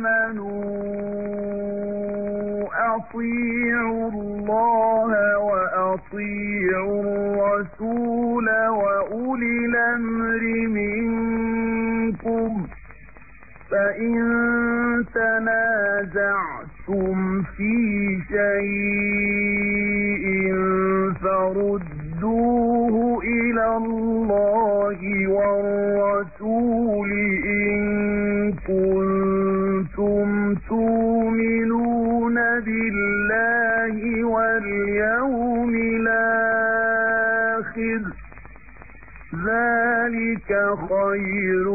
آمَنُوا أَطِيعُوا اللَّهَ وَأَطِيعُوا الرَّسُولَ وَأُولِي الْأَمْرِ مِنكُمْ ۖ فَإِن تَنَازَعْتُمْ فِي شَيْءٍ فَرُدُّوهُ إِلَى اللَّهِ وَالرَّسُولِ كنتم تؤمنون بالله واليوم الآخر ذلك خير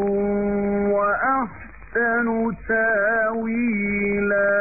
وأحسن تاويلاً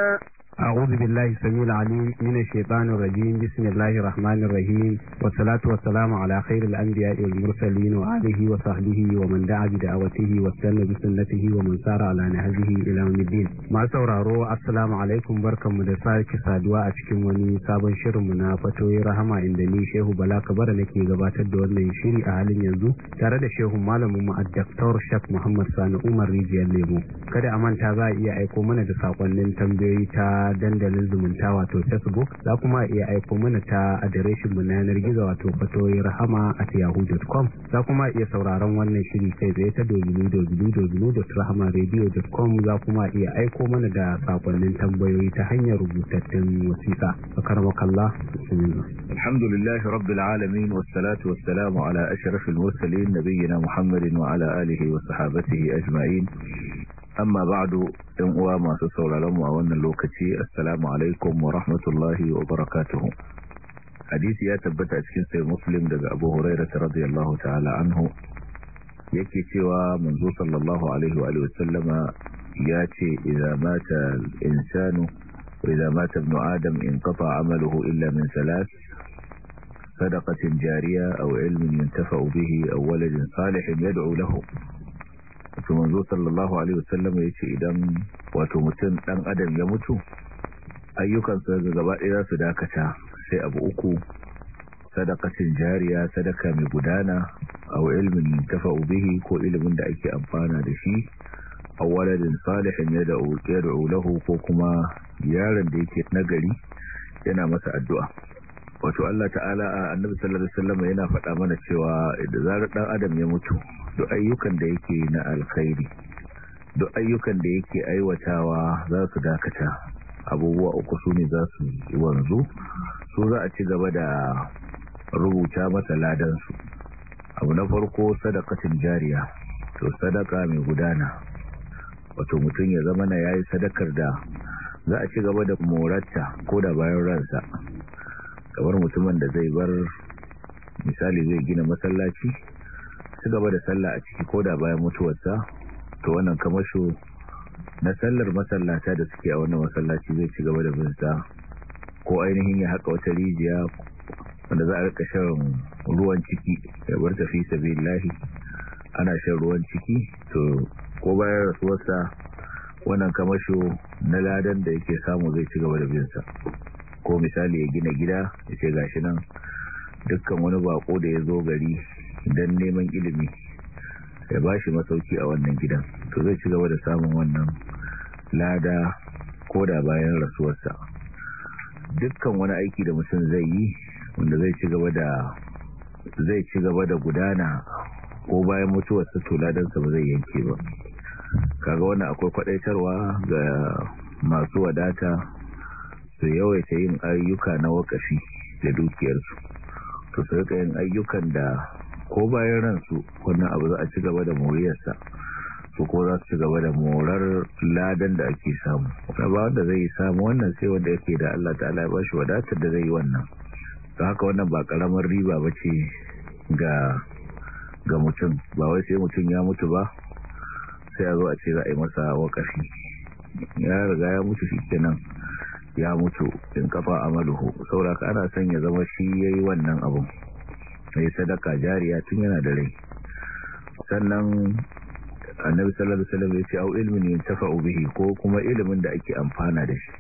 أعوذ بالله السميع العليم من الشيطان الرجيم بسم الله الرحمن الرحيم والصلاة والسلام على خير الأنبياء والمرسلين وآله وصحبه ومن دعا بدعوته واستنى بسنته ومن سار على نهجه إلى يوم الدين ما سورارو السلام عليكم بركم da sake saduwa a cikin wani sabon shirinmu na fatoyi rahama inda ni Shehu Bala Kabara nake gabatar da wannan shiri a halin yanzu tare da Shehu malamin mu Dr. Shak Muhammad Sani Umar Rijiyar Lemo kada a manta za a iya aiko mana da sakonnin tambayoyi ta dandalin zumunta wato facebook za kuma iya aiko mana ta adireshin mu na yanar gizo wato fatoyi rahama at yahoo.com za kuma iya sauraron wannan shiri kai tsaye ta www.rahamaradio.com za kuma iya aiko mana da sakonnin tambayoyi ta hanyar rubutattun wasiƙa akarwakallah alhamdulillahi rabbil alamin wassalatu wassalamu ala ashrafil mursalin nabiyina muhammadin wa ala alihi wa sahbihi ajma'in amma ba'du ɗan uwa masu sauraron mu a wannan lokaci assalamu alaikum wa rahmatullahi wa barakatuh hadisi ya tabbata cikin sahih muslim daga abu hurairah radiyallahu ta'ala anhu yake cewa manzo sallallahu alaihi wa alihi wasallama ya ce idza mata al-insanu idza mata ibn adam inqata amaluhu illa min salas sadaqatin jariya aw ilmin yantafa bihi aw waladin salihin yad'u lahu wato manzo sallallahu alaihi wasallam ya ce idan wato mutum dan adam ya mutu ayyukansa ga gaba ɗaya su dakata sai abu uku sadakacin jariya sadaka mai gudana aw ilmin tafa'u bihi ko ilimin da ake amfana da shi aw waladin salihin yad'u lahu ko kuma yaron da yake nagari yana masa addu'a wato Allah ta'ala a annabi sallallahu alaihi wasallam yana faɗa mana cewa idan zarar dan adam ya mutu duk ayyukan da yake na alkhairi duk ayyukan da yake aiwatawa za su dakata abubuwa uku su ne za su wanzu su za a ci gaba da rubuta masa ladan su abu na farko sadakatin jariya to sadaka mai gudana wato mutum ya zama na yayi sadakar da za a ci gaba da morata ko da bayan ransa kamar mutumin da zai bar misali zai gina masallaci su gaba da sallah a ciki ko da bayan mutuwarsa to wannan kamasho na sallar masallata da suke a wannan masallaci zai ci gaba da binsa ko ainihin ya haka wata rijiya wanda za a rika shan ruwan ciki ya bar tafi lahi ana shan ruwan ciki to ko bayan rasuwarsa wannan kamasho na ladan da yake samu zai ci gaba da binsa ko misali ya gina gida ya ce gashi nan dukkan wani bako da ya zo gari don neman ilimi ya ba shi masauki a wannan gidan to zai ci gaba da samun wannan lada ko da bayan rasuwarsa dukkan wani aiki da mutum zai yi wanda zai ci gaba da zai ci gaba da gudana ko bayan mutuwarsa to ladansa ba zai yanke ba kaga wannan akwai kwadaitarwa ga masu wadata su yawaita yin ayyuka na wakafi da dukiyarsu to su rika yin ayyukan da ko bayan ransu wannan abu za a ci gaba da moriyarsa su ko za su ci gaba da morar ladan da ake samu ba wanda zai samu wannan sai wanda yake da Allah ta'ala ya ba shi wadatar da zai yi wannan ta haka wannan ba karamar riba ba ce ga mutum ba wai sai mutum ya mutu ba sai a zo a ce za a yi masa wakafi ya riga ya mutu shi kenan ya mutu in kafa amaluhu sauraka ana son ya zama shi ya yi wannan abun mai sadaka jariya tun yana da rai sannan annabi sallallahu alaihi wasallam ya ce au ilmin yantafa'u bihi ko kuma ilimin da ake amfana da shi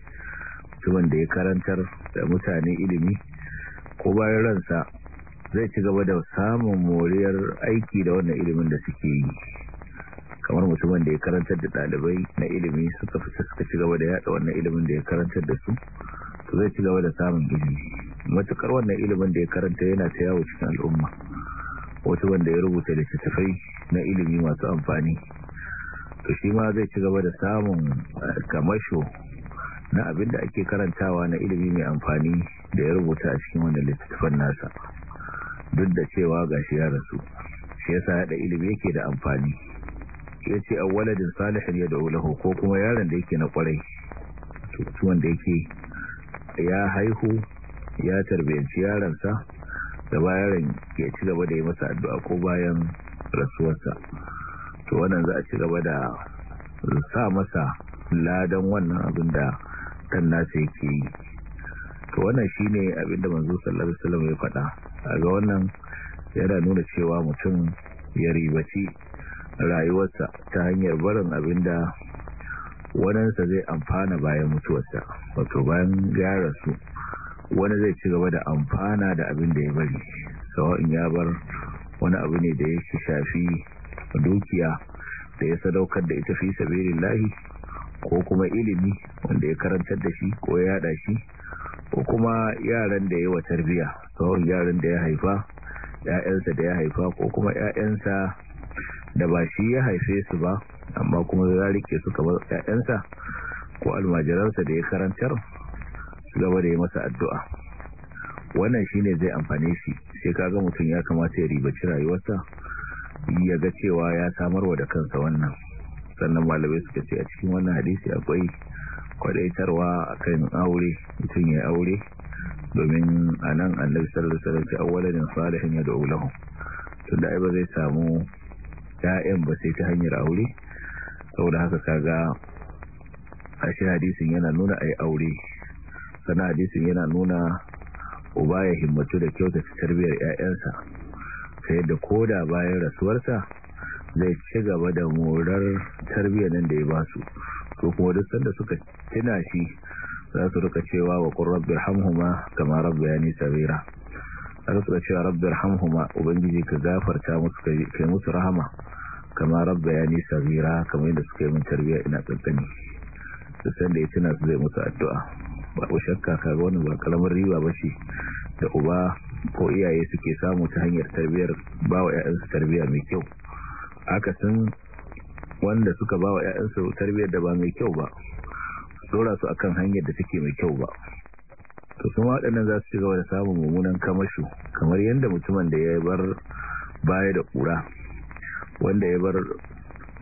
mutumin da ya karantar da mutane ilimi ko bayan ransa zai ci gaba da samun moriyar aiki da wannan ilimin da suke yi kamar mutumin da ya karantar da ɗalibai na ilimi suka fi suka ci gaba da yada wannan ilimin da ya karantar da su to zai ci gaba da samun ilimi matukar wannan ilimin da ya karanta yana ta yawo cikin al'umma wata wanda ya rubuta littattafai na ilimi masu amfani to shi ma zai ci gaba da samun eh, kamasho na abin da ake karantawa na ilimi mai amfani da ya rubuta a cikin wannan littattafan nasa duk da cewa gashi ya rasu shi yasa da ilimi yake da amfani ya ce a waladin salihin ya da'u lahu ko kuma yaron da yake na kwarai tutuwan da yake ya haihu ya tarbiyanci yaronsa da bayan ya ci gaba da yi masa addu'a ko bayan rasuwarsa to wannan za a ci gaba da sa masa ladan wannan abin da kan nasa yake yi to wannan shi ne abin da manzo sallallahu alaihi wasallam ya faɗa ga wannan yana nuna cewa mutum ya ribaci rayuwarsa ta hanyar barin abin da wadansa zai amfana bayan mutuwarsa wato bayan ya rasu wani zai ci gaba da amfana da abin da ya bari sawa'in ya bar wani abu ne da ya shafi dukiya da ya sadaukar da ita fi sabirin lahi ko kuma ilimi wanda ya karantar da shi ko ya yada shi ko kuma yaran da ya wa tarbiya sawa'in yaran da ya haifa ya'yansa da ya haifa ko kuma ya'yansa da ba shi ya haife su ba amma kuma ya rike su kamar ƴaƴansa ko almajiransa da ya karantar su gaba da ya masa addu'a wannan shine zai amfane shi sai kaga mutum ya kamata ya ribaci rayuwarsa ya ga cewa ya samarwa da kansa wannan sannan malamai suka ce a cikin wannan hadisi akwai kwadaitarwa kan aure mutum ya aure domin a anan annabi sallallahu alaihi wasallam ce awwalan da yad'u lahu tunda ai ba zai samu 'ya'yan ba sai ta hanyar aure saboda haka kaga shi hadisin yana nuna yi aure sana hadisin yana nuna uba ya himmatu da kyautata tarbiyyar 'ya'yansa ta yadda da bayan rasuwarsa zai ci gaba da morar tarbiyyar nan da ya ba su to kuma duk sanda suka tina shi za su rika cewa wa kamar rabu ya nisa saraira. aka suna cewa rabbar hamhuma ubangiji ka gafarta musu kai musu rahama kama rabbi ya nisa zira kamar yadda suka yi min tarbiyya ina tsantsani da sanda ya tuna su zai musu addu'a ba ku shakka ga wani ba kalamar riba ba shi da uba ko iyaye suke samu ta hanyar tarbiyar ba wa 'ya'yansu tarbiyya mai kyau aka san wanda suka ba wa 'ya'yansu tarbiyyar da ba mai kyau ba dora su akan hanyar da take mai kyau ba to kuma waɗannan za su ci gaba da samun mummunan kamasho kamar yadda mutumin da ya bar baya da ƙura wanda ya bar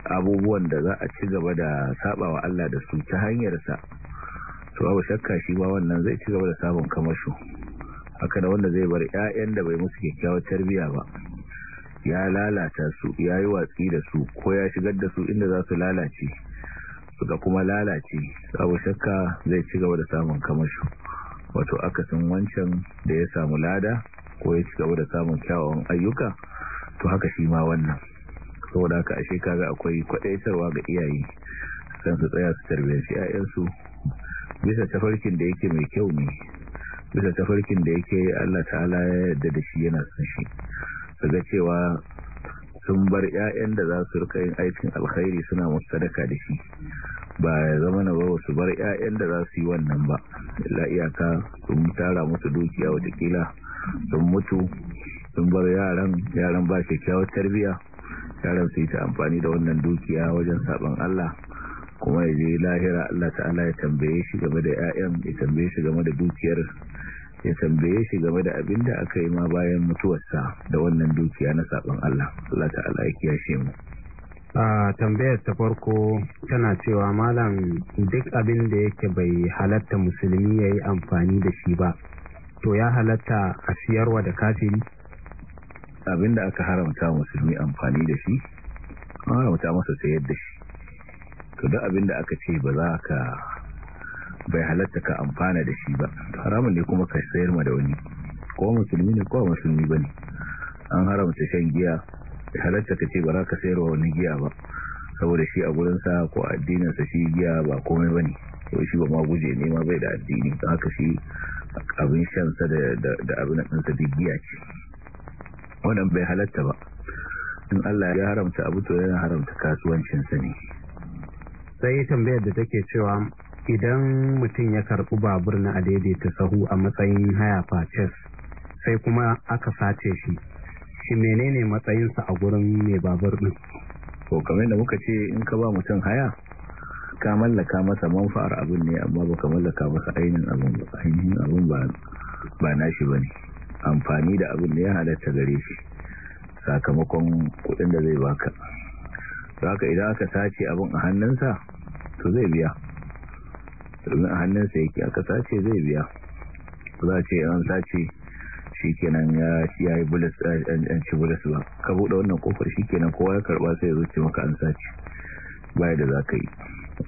abubuwan da za a ci gaba da sabawa Allah da su ta hanyarsa to babu shakka shi ba wannan zai ci gaba da samun kamasho haka da wanda zai bar ƴaƴan da bai musu kyakkyawar tarbiyya ba ya lalata su ya yi watsi da su ko ya shigar da su inda za su lalace ga kuma lalace babu shakka zai ci gaba da samun kamasho wato akasin wancan da ya samu lada ko ya ci gaba da samun kyawawan ayyuka to haka shi ma wannan saboda haka ashe kaga akwai kwadaitarwa ga iyaye kan su tsaya su tarbiyyanci 'ya'yansu bisa tafarkin da yake mai kyau ne bisa tafarkin da yake Allah ta'ala ya yarda da shi yana son shi daga cewa sun bar 'ya'yan da za su rika yin aikin alkhairi suna sadaka da shi ba ya zama na ba su bar 'ya'yan da za su yi wannan ba illa iyaka sun tara musu dukiya watakila sun mutu sun bar yaran yaran ba kyakkyawar tarbiyya yaran su yi ta amfani da wannan dukiya wajen saban Allah kuma ya je lahira Allah ta'ala ya tambaye shi game da 'ya'yan ya tambaye shi game da dukiyar ya tambaye shi game da abin da aka yi ma bayan mutuwarsa da wannan dukiya na saban Allah Allah ta'ala ya kiyashe mu a tambayar ta farko tana cewa malam duk abin da yake bai halatta musulmi ya yi amfani da shi ba to ya halatta a siyarwa da kafin abin da aka haramta musulmi amfani da shi an haramta masa sayar da shi to duk abin da aka ce ba za ka bai halatta ka amfana da shi ba haramun ne kuma ka sayar ma da wani ko musulmi ne ko musulmi ba ne an haramta shan giya halatta ka ce ba za ka sayarwa wani giya ba saboda shi a gurinsa ko addininsa shi giya ba komai ba ne ko shi ba ma guje ne ma bai da addini ba haka shi abin shansa da abin ɗinsa duk giya ce wannan bai halatta ba in Allah ya haramta abu to yana haramta kasuwancinsa ne sai tambayar da take cewa idan mutum ya karɓi babur na ta sahu a matsayin haya faces sai kuma aka sace shi shi menene matsayinsa a gurin mai babur din to kamar da muka ce in ka ba mutum haya ka mallaka masa manfa'ar abin ne amma baka mallaka masa ainihin abin ba ainihin abin ba ba nashi bane amfani da abin da ya halatta gare shi sakamakon kudin da zai baka haka idan aka sace abin a hannunsa to zai biya domin a hannunsa yake aka sace zai biya za ce an sace shikenan ya ci yayi an ci bulis ba ka buɗe wannan kofar kenan kowa ya karɓa sai ya zo maka an sace baya da za ka yi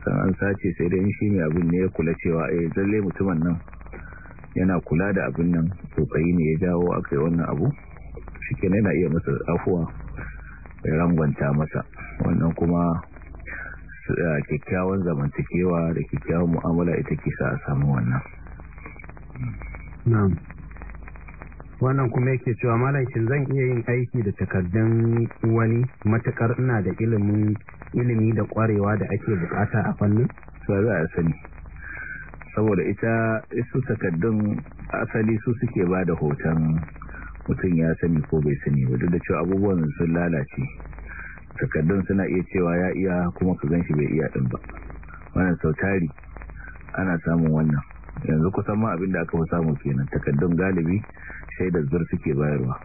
san an sace sai dai shi ne abin ne ya kula cewa eh zalle mutumin nan yana kula da abin nan tsofayi ne ya jawo kai wannan abu kenan yana iya masa afuwa ya rangwanta masa wannan kuma kyakkyawan zamantakewa da kyakkyawan mu'amala ita ke sa a samu wannan wannan kuma yake cewa malam shin zan iya yin aiki da takardun wani matakar ina da ilimin ilimi da kwarewa da ake bukata a fannin so za a sani saboda ita su takardun asali su suke ba da hoton mutum ya sani ko bai sani ba da cewa abubuwan sun lalace takardun suna iya cewa ya iya kuma ka ganshi bai iya din ba wannan sautari ana samun wannan yanzu kusan ma abinda aka fi samu kenan takaddun galibi shaidar zur suke bayarwa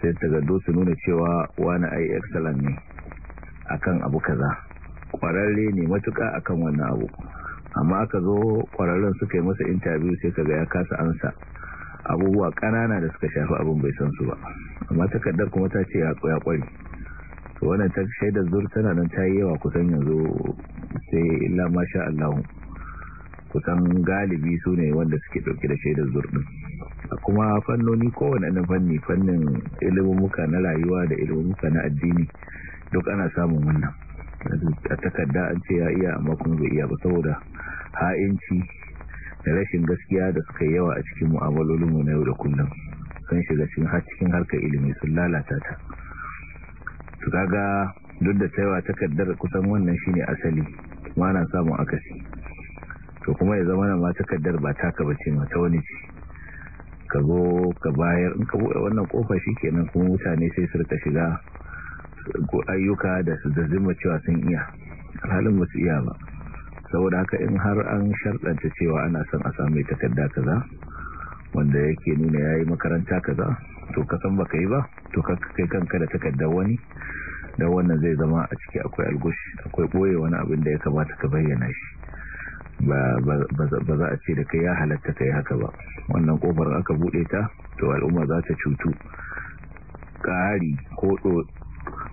sai takardu su nuna cewa wani ai excellent ne akan abu kaza kwararre ne matuka akan wannan abu amma aka zo kwararren suka yi masa interview sai kaga ya kasa ansa abubuwa kanana da suka shafi abin bai san su ba amma takardar kuma ta ce ya kwari to wannan shaidar zur tana nan ta yi yawa kusan yanzu sai illa masha Allah kusan galibi su ne wanda suke ɗauki da shaidar zurɗin kuma fannoni kowane na fanni fannin ilimuka na rayuwa da ilimuka na addini duk ana samun wannan a takarda an ce ya iya amma kuma bai iya ba saboda ha'inci da rashin gaskiya da suka yawa a cikin mu'amalolinmu na yau da kullum sun shiga cikin har harkar ilimi sun lalata ta su kaga duk da cewa takardar kusan wannan shine asali mana samun akasi to kuma ya zama na ma takardar ba taka bace mata wani ce ka zo ka bayar in ka buɗe wannan kofa kenan kuma mutane sai su rika shiga ayyuka da su zazzima cewa sun iya halin ba su iya ba saboda haka in har an sharɗanta cewa ana son a samu takarda kaza wanda yake nuna ya yi makaranta kaza to ka san baka yi ba to ka kai kanka da takardar wani da wannan zai zama a ciki akwai algush akwai ɓoye wani abin da ya kamata ka bayyana shi ba za a ce da kai ya halatta yi haka ba wannan kofar aka bude ta to al'umma za ta cutu ƙari ko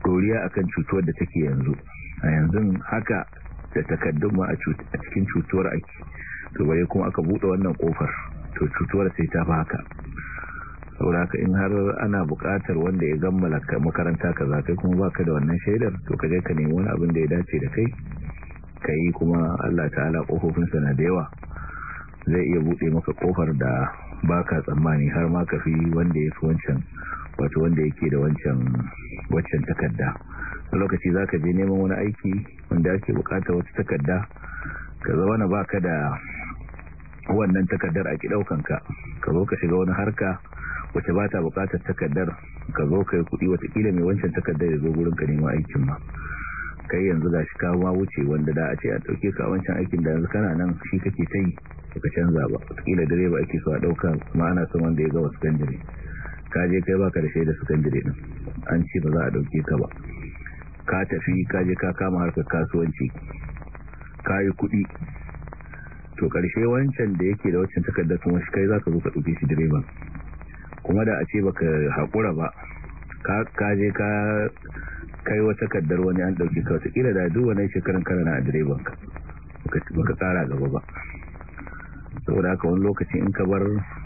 doriya kan cutuwar da take yanzu a yanzu haka da takaddun ma a cikin cutuwar ake to bare kuma aka bude wannan kofar to cutuwar sai ta fi haka sauraka in har ana bukatar wanda ya gammala makaranta ka kai kuma ba ka da wannan shaidar to ka je ka nemi wani abin da ya dace da kai ka yi kuma Allah ta'ala ƙofofinsa na da yawa zai iya buɗe maka ƙofar da ba ka tsammani har ma ka fi wanda ya fi wancan wato wanda yake da wancan waccan takarda a lokaci za ka je neman wani aiki wanda ake bukata wata takarda ka zama na baka da wannan takardar a kidaukanka ka zo ka shiga wani harka wacce ba ta bukatar takardar ka zo ka yi kuɗi watakila mai wancan takardar ya zo gurin ka neman aikin ma kai yanzu gashi ka kawo wuce wanda da a ce a dauke ka wancan aikin da yanzu kana nan shi kake ta yi ka canza ba kila direba ake so a dauka kuma ana son wanda ya gawa wasu ka je kai ka da shaida su kandire ɗin an ce ba za a dauke ka ba ka tafi ka je ka kama harkar kasuwanci ka yi kuɗi to ƙarshe wancan da yake da wancan takardar kuma shi kai za ka zo ka ɗauke shi direban kuma da a ce ba ka haƙura ba ka je ka kai wata kaddar wani an ɗauki ka kila da duk wani shekarun karana na direban ka baka tsara gaba ba saboda haka wani lokaci in ka bar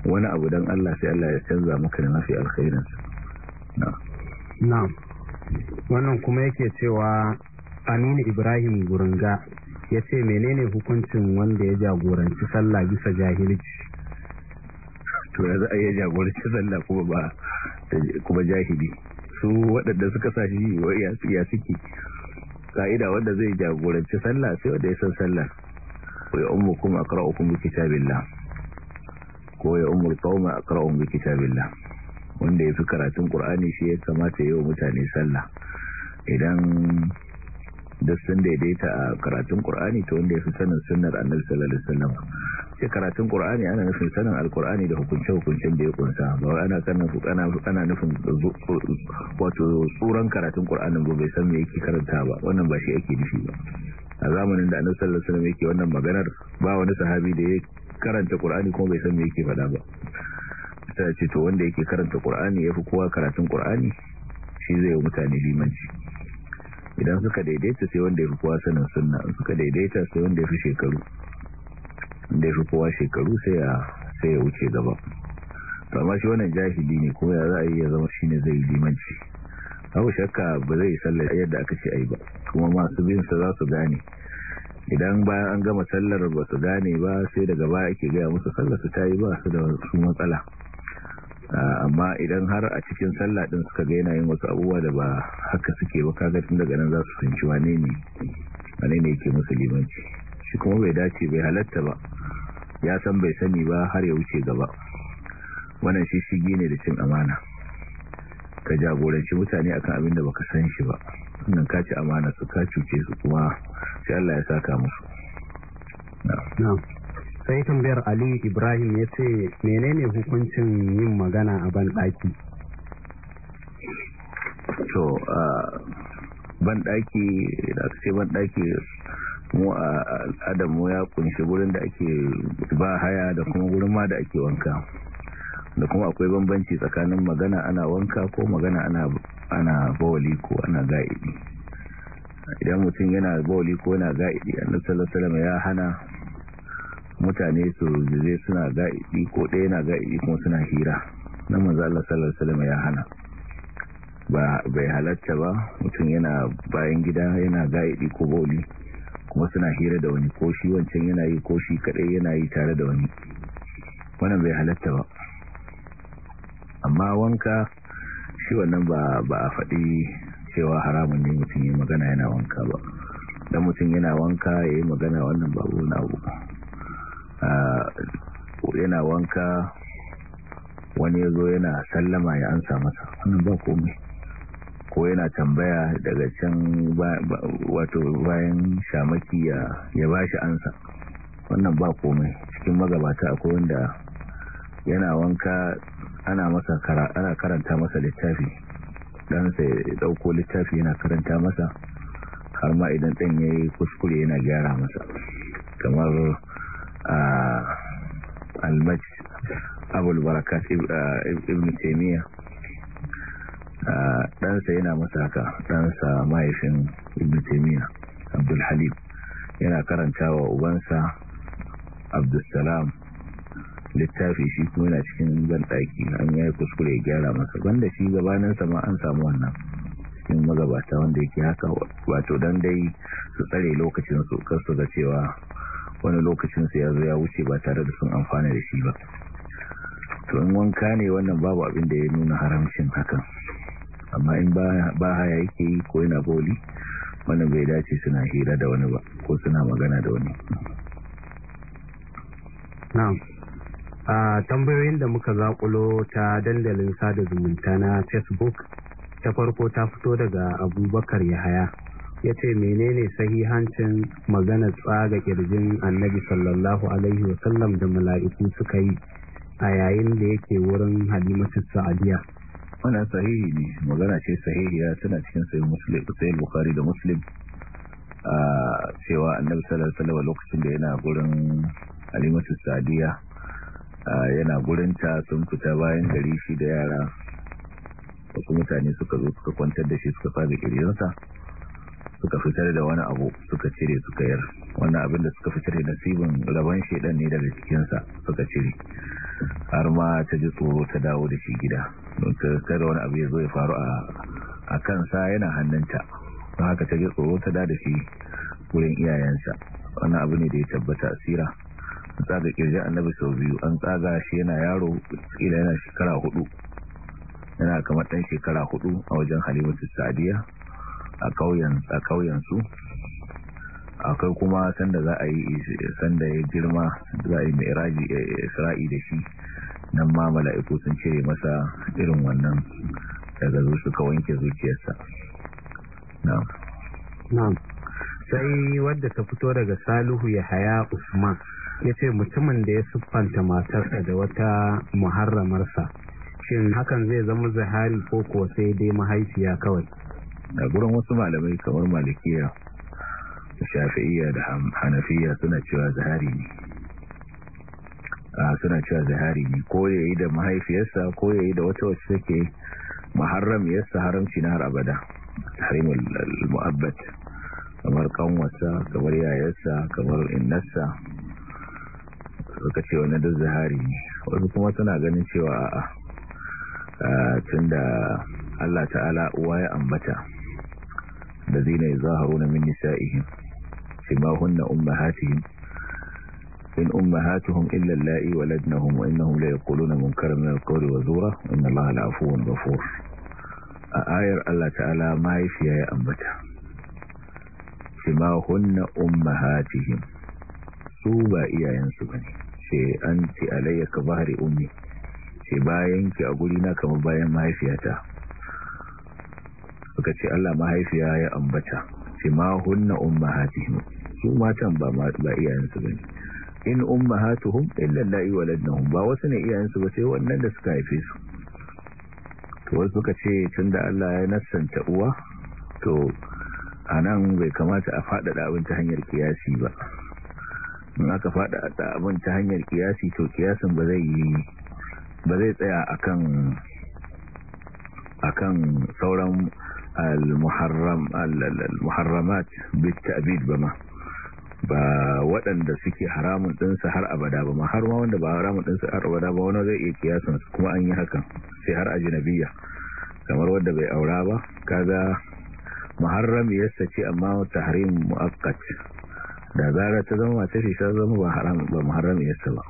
wani abu don Allah sai Allah ya canza maka da mafi alkhairinsa na wannan kuma yake cewa Aminu Ibrahim Gurunga ya ce menene hukuncin wanda ya jagoranci sallah bisa jahilci to ya za a iya jagoranci sallah kuma ba Eh, kuma jahili su waɗanda suka sashi ya suke ka'ida wanda zai jagoranci sallah sai wanda ya san sallah ko ya umar kuma aqra'ukum bi kitabillah ko ya umar ummu qauma aqra'ukum bi kitabillah wanda ya fi karatun ƙurani shi ya kamata yi wa mutane sallah idan da sun daidaita a karatun ƙur'ani ta wanda yafi sanin sunnar annabi sallar sallar ce karatun qur'ani ana nufin sanin alqur'ani da hukunce hukuncen da ya kunsa ba wai ana sanin ana ana nufin wato tsuran karatun qur'anin ba bai san me yake karanta ba wannan ba shi yake nufi ba a zamanin da annabi sallallahu alaihi wasallam yake wannan maganar ba wani sahabi da ya karanta qur'ani kuma bai san me yake faɗa ba ta ce to wanda yake karanta qur'ani yafi kowa karatun qur'ani shi zai yi mutane limanci idan suka daidaita sai wanda ya fi kowa sanin sunna suka daidaita sai wanda ya fi shekaru da ya kowa shekaru sai ya sai ya wuce gaba amma shi wannan jahili ne kuma ya za a yi ya zama shine zai limanci abu shakka ba zai sallar yadda aka ce ai ba kuma masu binsa za su gane idan bayan an gama sallar ba su gane ba sai daga baya ake gaya musu sallar su ta ba su da su matsala amma idan har a cikin sallah din suka ga yin wasu abubuwa da ba haka suke ba kaga tun daga nan za su fahimci wane ne wane ne yake musu limanci shi kuma bai dace bai halatta ba ya san bai sani ba har ya wuce gaba wannan shi shi ne da cin amana ka jagoranci mutane akan abin da baka san shi ba wannan ka ci amana su ka cuce su kuma sai Allah ya saka musu sai tambayar Ali Ibrahim ya ce menene hukuncin yin magana a ban daki to ban daki da ban daki mu a adamu ya kunshi wurin da ake ba haya da kuma wurin ma da ake wanka da kuma akwai bambanci tsakanin magana ana wanka ko magana ana ana bawali ko ana ga'idi idan mutum yana bawali ko yana ga'idi a sallallahu alaihi ya hana mutane su zai suna ga'idi ko ɗaya yana ga'idi kuma suna hira nan manzo Allah sallallahu alaihi ya hana ba bai halatta ba mutum yana bayan gida yana ga'idi ko bawali kuma na hira da wani ko shi wancan yana yi ko shi kadai yana yi tare da wani wannan bai halatta ba amma wanka shi wannan ba a faɗi cewa haramun ne mutum yi magana yana wanka ba don mutum yana wanka ya yi magana wannan babu na abu yana wanka wani ya zo yana sallama ya ansa masa wannan ba komai ko yana tambaya daga can wato bayan shamaki ya ba shi ansa wannan ba komai cikin magabata akwai wanda yana wanka ana masa ana karanta masa littafi dan sai dauko littafi yana karanta masa har ma idan ɗan yayi kuskure yana gyara masa kamar almaj abul barakat ibn taymiya ɗansa yana masa haka ɗansa mahaifin ibn abdul abdulhalim yana karanta wa ubansa abdulsalam littafi shi kuma yana cikin banɗaki an yi kuskure ya gyara masa banda shi gabaninsa ma an samu wannan cikin magabata wanda yake haka wato don dai su tsare lokacinsu kasu da cewa wani lokacinsu ya zo ya wuce ba tare da sun amfana da shi ba to in wanka ne wannan babu abin da ya nuna haramcin hakan amma in ba haya yake yi ko yana boli wani bai dace suna hira da wani ba ko suna magana da wani na'am a tambayoyin da muka zakulo ta dandalin sada zumunta na facebook ta farko ta fito daga abubakar ya haya ya ce menene sahihancin magana tsaga kirjin annabi sallallahu alaihi wasallam da mala'iku suka yi a yayin da yake wurin halimatu sa'adiyya manan sahihi ne magana ce sahihiya tana cikin sahih muslim bukhari da muslim a cewa annabi sallallahu lokacin da yana gurin alimatu sadiya yana gurin ta sun fita bayan gari shi da yara wasu mutane suka zo suka kwantar da shi suka fara kiriyarsa suka fitar da wani abu suka cire suka yar wannan abin da suka fitar da nasibin rabon shedan ne daga cikinsa suka cire har ma ta ji tsoro ta dawo da shi gida don kada wani abu ya zo ya faru a kansa yana hannunta don haka ta ji tsoro ta da shi wurin iyayensa wani abu ne da ya tabbata asira an tsaga kirji annabi sau biyu an tsaga shi yana yaro kila yana shekara hudu yana kamar ɗan shekara hudu a wajen halimatu sadiya a ƙauyensu. akwai kuma sanda za a yi sanda ya girma za a yi mi'raji eh, isra'i da shi nan ma mala'iku sun cire masa irin wannan daga zuci kawai wanke zuciyarsa na'am sai wadda ta fito daga Salihu ya haya Usman ya ce mutumin da ya siffanta matarsa da wata muharramarsa shin hakan zai zama zahari ko ko sai dai mahaifiya kawai a gurin wasu malamai kamar malikiya shafi'iyya da hanafiyya suna cewa zahari ne suna cewa zahari ne ko ya yi da mahaifiyarsa ko ya yi da wata wacce take maharramiyarsa haramci na har abada harimul mu'abbat kamar kanwarsa kamar yayarsa kamar innarsa suka ce wani duk zahari ne wasu kuma suna ganin cewa a tun da Allah ta'ala uwa ya ambata da zina ya zaharu na min nisa'ihim سماهن أمهاتهم إن أمهاتهم إلا اللائي ولدنهم وإنهم ليقولون منكر من القول وزورة إن الله لعفو غفور آير الله تعالى ما يفيا يا أمتا سماهن أمهاتهم سوبا إيا ينسبني شيء أنت عليك ظهر أمي شيء shi أقول ki a gurina kamar bayan mahaifiyata suka ce Allah mahaifiya ya ambata ce ma hunna ummahatihim su matan ba ma ba iyayensu bane in ummahatuhum illa allati waladnahum ba wasu ne iyayensu ba sai wannan da suka haife su to wasu suka ce tunda Allah ya nassanta uwa to anan bai kamata a faɗaɗa abin ta hanyar kiyasi ba in aka da abin ta hanyar kiyasi to kiyasin ba zai yi ba zai tsaya akan akan sauran al-muharramat bit-ta'bid ba ma ba waɗanda suke haramun ɗinsa har abada ba ma har ma wanda ba haramun ɗinsa har abada ba wani zai iya kiyasan su kuma an yi hakan sai har ajinabiya kamar wanda bai aura ba kaga muharram yassa ce amma ta tahrim muaqqat da zara ta zama mace shi ta zama ba haram ba muharram yassa ba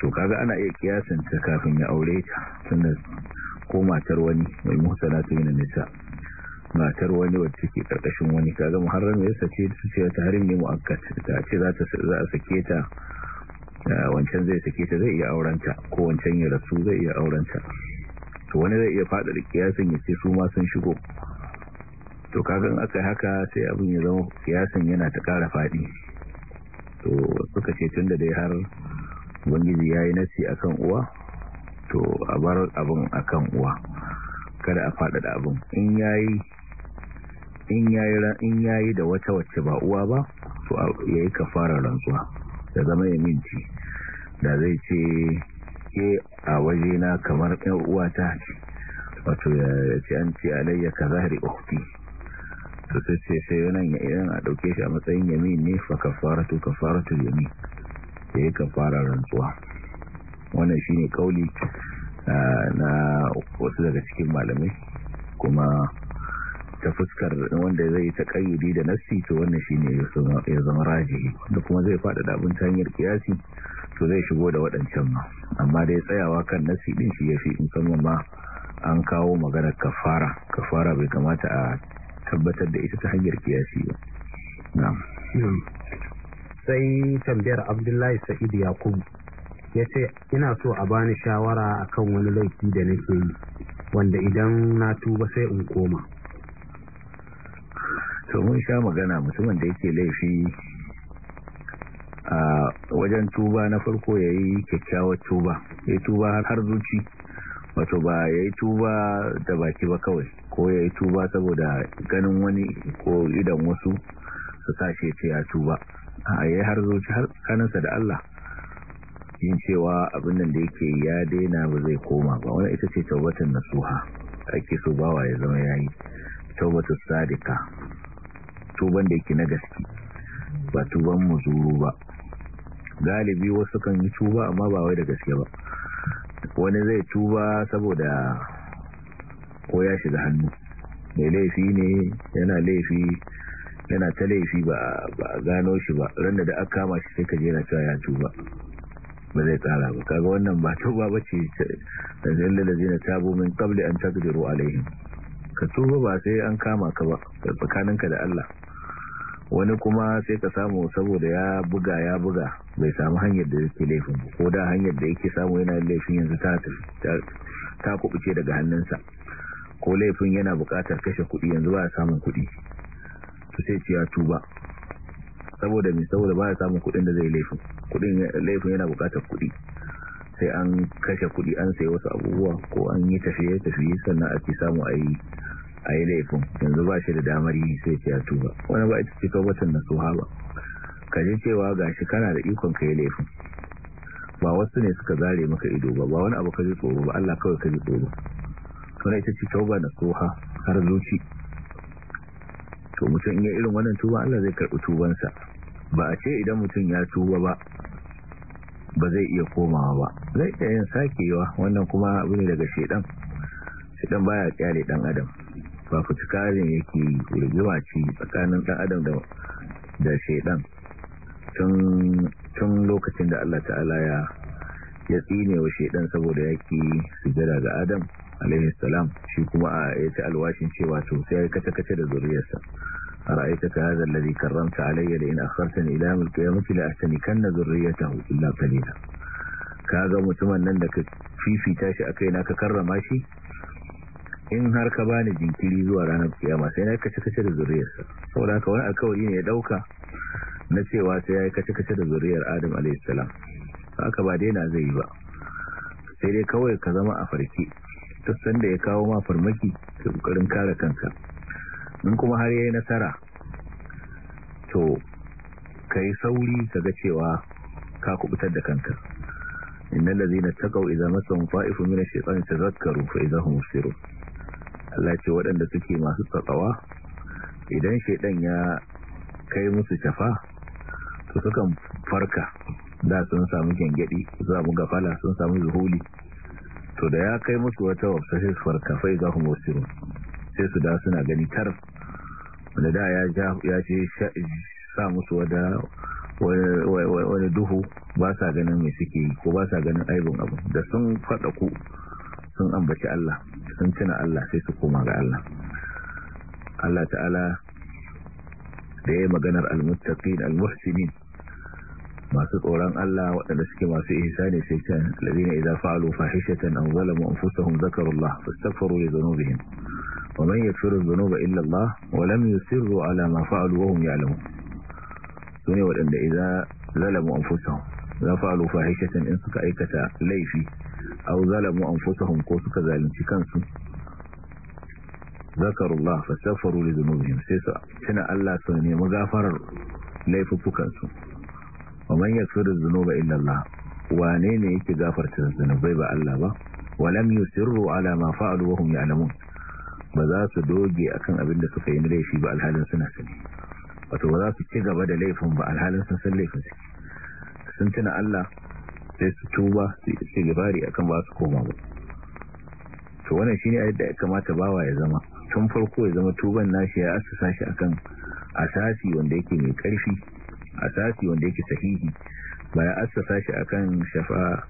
to kaga ana iya kiyasan ta kafin ya aure ta tunda ko matar wani mai muhsana su na nisa matar wani wacce ke karkashin wani kaga muharram ya sace su ce ta harim ne muakkat ta ce za ta za a sake ta wancan zai sake ta zai iya aurenta ko wancan ya rasu zai iya aurenta to wani zai iya fada da kiyasin ya ce su ma sun shigo to kaga in aka haka sai abin ya zama kiyasin yana ta kara fadi to suka ce tunda dai har ubangiji ya yi nasi akan uwa to a bar abin a kan uwa kada a faɗaɗa abin in yayi in da wata wacce ba uwa ba to ya yi ka fara rantsuwa da zama ya minti. da zai ce ke a waje na kamar ɗan uwa ta ce wato ya ce an ce alayya ka zahri ofi to sai ce sai yanan ya idan a dauke shi a matsayin yamin ne fa ka ka fara to kafaratu kafaratu yamin ka fara rantsuwa wannan shine kauli ah, na wasu daga cikin malamai kuma ta fuskar wanda zai ta kayyudi da nassi to wannan shine ya zama rajihi da kuma zai fada da abin ta hanyar kiyasi to zai shigo da waɗancan ma amma dai tsayawa kan nassi din shi ya in musamman ma an kawo maganar kafara kafara bai kamata a tabbatar da ita ta hanyar kiyasi ba na hmm. sai tambayar Abdullahi Sa'id Yakubu ya ce ina so a bani shawara a kan wani laifi da nake yi wanda idan na tuba sai in koma to mun sha magana mutumin da yake laifi a wajen tuba na farko ya yi kyakkyawar tuba ya yi tuba har zuci wato ba ya yi tuba da baki ba kawai ko ya yi tuba saboda ganin wani ko idan wasu su sashe ce ya tuba a yi har zuci har kaninsa da Allah yin cewa abin nan da yake ya daina ba zai koma ba wani ita ce tawbatar nasuha ake so bawa ya zama yayi tawbatar sadika tuban da yake na gaske ba tuban zuru ba galibi wasu kan yi tuba amma ba wai da gaske ba wani zai tuba saboda ko ya shiga hannu mai laifi ne yana laifi yana ta laifi ba a gano shi ba randa da aka kama shi sai ka je na cewa ya tuba ba zai kara ba kaga wannan ba tuba bace da zina tabu min kabli an taqdiru alaihim ka tuba ba sai an kama ka ba tsakaninka da Allah wani kuma sai ka samu saboda ya buga ya buga bai samu hanyar da yake laifin ko da hanyar da yake samu yana laifin yanzu ta ta kubuce daga hannunsa ko laifin yana buƙatar kashe kuɗi yanzu ba samun kuɗi to sai ce ya tuba saboda mai saboda ba ya samun kudin da zai laifin kudin laifin yana bukatar kudi sai an kashe kudi an sayi wasu abubuwa ko an yi tafiye-tafiye sannan ake samu a yi a yi laifin yanzu ba shi da damar yi sai ce ya tuba wani ba ita ce watan na tsoha ba ka ji cewa ga shi kana da ikon ka yi laifin ba wasu ne suka zare maka ido ba ba wani abu ka ji tsoro ba Allah kawai ka ji tsoro tuna ita ce tauba na tsoha har zuci to mutum in yi irin wannan tuba Allah zai karɓi tubansa ba a ce idan mutum ya tuba ba ba zai iya komawa ba zai iya yin sakewa wannan kuma abu ne daga shaidan shedan baya kyale dan adam ba fitikarin yake rigima ci tsakanin dan adam da da shedan tun lokacin da Allah ta'ala ya ya tsine wa shaidan saboda yake sujada ga adam alaihi salam shi kuma a yace alwashin cewa to sai ya kace kace da zuriyarsa ya zallari أرأيتك هذا الذي كرمت علي لإن أخرتني إلى يوم القيامة لأحتنكن ذريته إلا ka ga mutumin nan da ka fifita shi a kai na ka karrama shi in har ka bani jinkiri zuwa ranar kiyama sai na kace kace da zuriyarsa saboda haka wani alkawari ne ya ɗauka. na cewa sai ya kace kace da zuriyar Adam alayhis salam haka ba daina zai yi ba sai dai kawai ka zama a farke duk sanda ya kawo ma farmaki ka kokarin kare kanka in kuma har yayi nasara to kai sauri kaga cewa ka kubutar da kanka innal ladina taqaw idza masahum fa'ifun min ash shaytan tadhakkaru fa idza hum mubsirun Allah ce waɗanda suke masu tsatsawa idan shaydan ya kai musu shafa to sukan farka da sun samu gengedi za mu gafala sun samu zuhuli to da ya kai musu wata wasu sai farka fa idza hum mubsirun sai su da suna gani tar wanda da ya ce sa musu wada wani duhu ba sa ganin mai suke yi ko ba sa ganin aibin abu da sun faɗa ku sun ambaci Allah sun cina Allah sai su koma ga Allah Allah ta'ala da ya yi maganar almuttaqin almuhsinin masu tsoron Allah waɗanda suke masu ihsani sai ce ladina idza fa'alu fahishatan aw zalamu anfusahum zakarullah fastaghfiru li dhunubihim faman yaghfiru dhunuba illa Allah wa lam yusirru ala ma fa'alu wa hum ya'lamun sune wadanda idza zalamu anfusahum za fa'alu fahishatan in suka aikata laifi aw zalamu anfusahum ko suka zalunci kansu zakarullah fastaghfiru li dhunubihim sai su tuna Allah su ne magafarar laifukansu wa man yaghfiru dhunuba illa Allah wane ne yake gafarta zunubai ba Allah ba walam yusirru ala ba za su doge akan abin da suka yi na laifi ba alhalin suna sani wato ba za su ci gaba da laifin ba alhalin sun san laifin su sun tuna Allah sai su tuba su ci gabari akan ba su koma ba to wannan shine ayyuka ya kamata bawa ya zama tun farko ya zama tuban nashi ya sashi shi akan asasi wanda yake mai karfi asasi wanda yake sahihi ba ya sashi shi akan shafa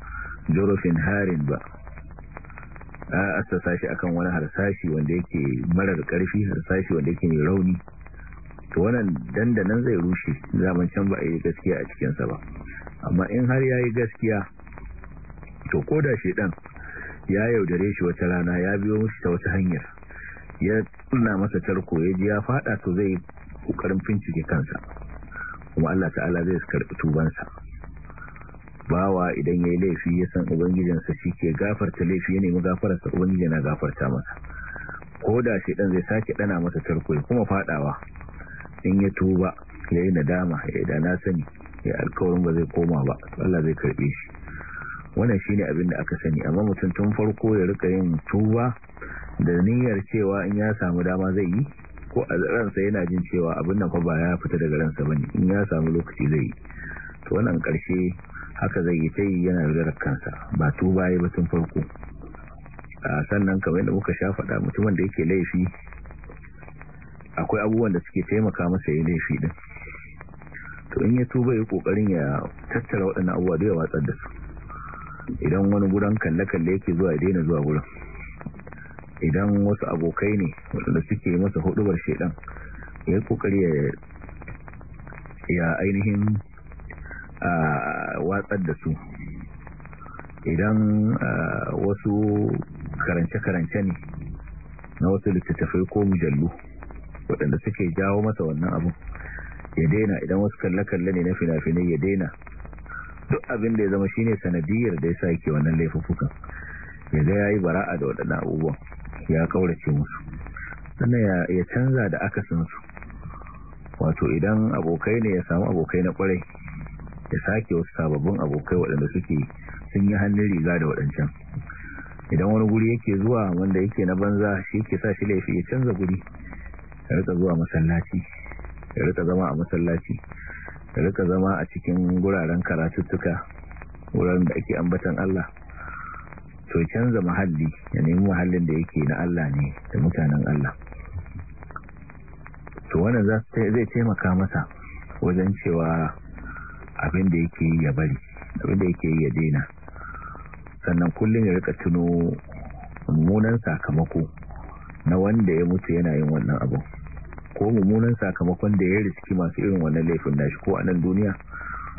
jorofin harin ba a asasa shi akan wani harsashi wanda yake marar karfi harsashi wanda yake mai rauni to wannan dandanan zai rushe zaman can ba yi gaskiya a cikinsa ba amma in har ya yi gaskiya to ko da ɗan ya yaudare shi wata rana ya biyo mushi ta wata hanyar ya tsuna masa tarko ya ji ya fada to zai kokarin fincike kansa kuma Allah ta'ala zai karbi tubansa bawa idan ya yi laifi ya san ubangijinsa shi ke gafarta laifi ya nemi gafararsa ubangiji na gafarta masa ko da shi ɗan zai sake dana masa tarko kuma faɗawa in ya tuba ya yi nadama ya da na sani ya alkawarin ba zai koma ba Allah zai karbe shi wannan shine abin da aka sani amma mutum tun farko ya rika yin tuba da niyyar cewa in ya samu dama zai yi ko a ransa yana jin cewa abin nan fa ba ya fita daga ransa bane in ya samu lokaci zai yi to wannan karshe haka zai yi ta yana da kansa ba tuba ya batun farko sannan kamar yadda muka sha faɗa mutumin da yake laifi akwai abubuwan da suke taimaka masa ya laifi din to in ya tuba ya kokarin ya tattara waɗannan abubuwa da ya watsar da su idan wani gudan kalle-kalle yake zuwa ya daina zuwa gudan idan wasu abokai ne waɗanda suke masa hudubar shedan ya kokari ya ainihin watsar da su idan wasu karance-karance ne na wasu littattafai ko mujallu waɗanda suke jawo masa wannan abun. ya daina idan wasu kalle-kalle ne na fina-finai ya daina duk abin da ya zama shine sanadiyar da ya sa yake wannan laifukan ya ga yi bara'a da waɗannan abubuwan ya kaurace musu sannan ya canza da akasinsu wato idan abokai ne ya samu abokai na kwarai ya sake wasu sababbin abokai waɗanda suke sun yi hannun riga da waɗancan idan wani guri yake zuwa wanda yake na banza shi ke sa shi laifi ya canza guri ya rika zuwa masallaci ya rika zama a masallaci ya rika zama a cikin guraren karatuttuka wuraren da ake ambatan Allah to canza mahalli ya nemi mahallin da yake na Allah ne da mutanen Allah to wannan zai taimaka masa wajen cewa abinda yake yi ya bari abinda yake yi ya daina sannan kullum ya rika tuno mummunan sakamako na wanda ya mutu yana yin wannan abu ko mummunan sakamakon da ya riski masu irin wannan laifin na shi ko a nan duniya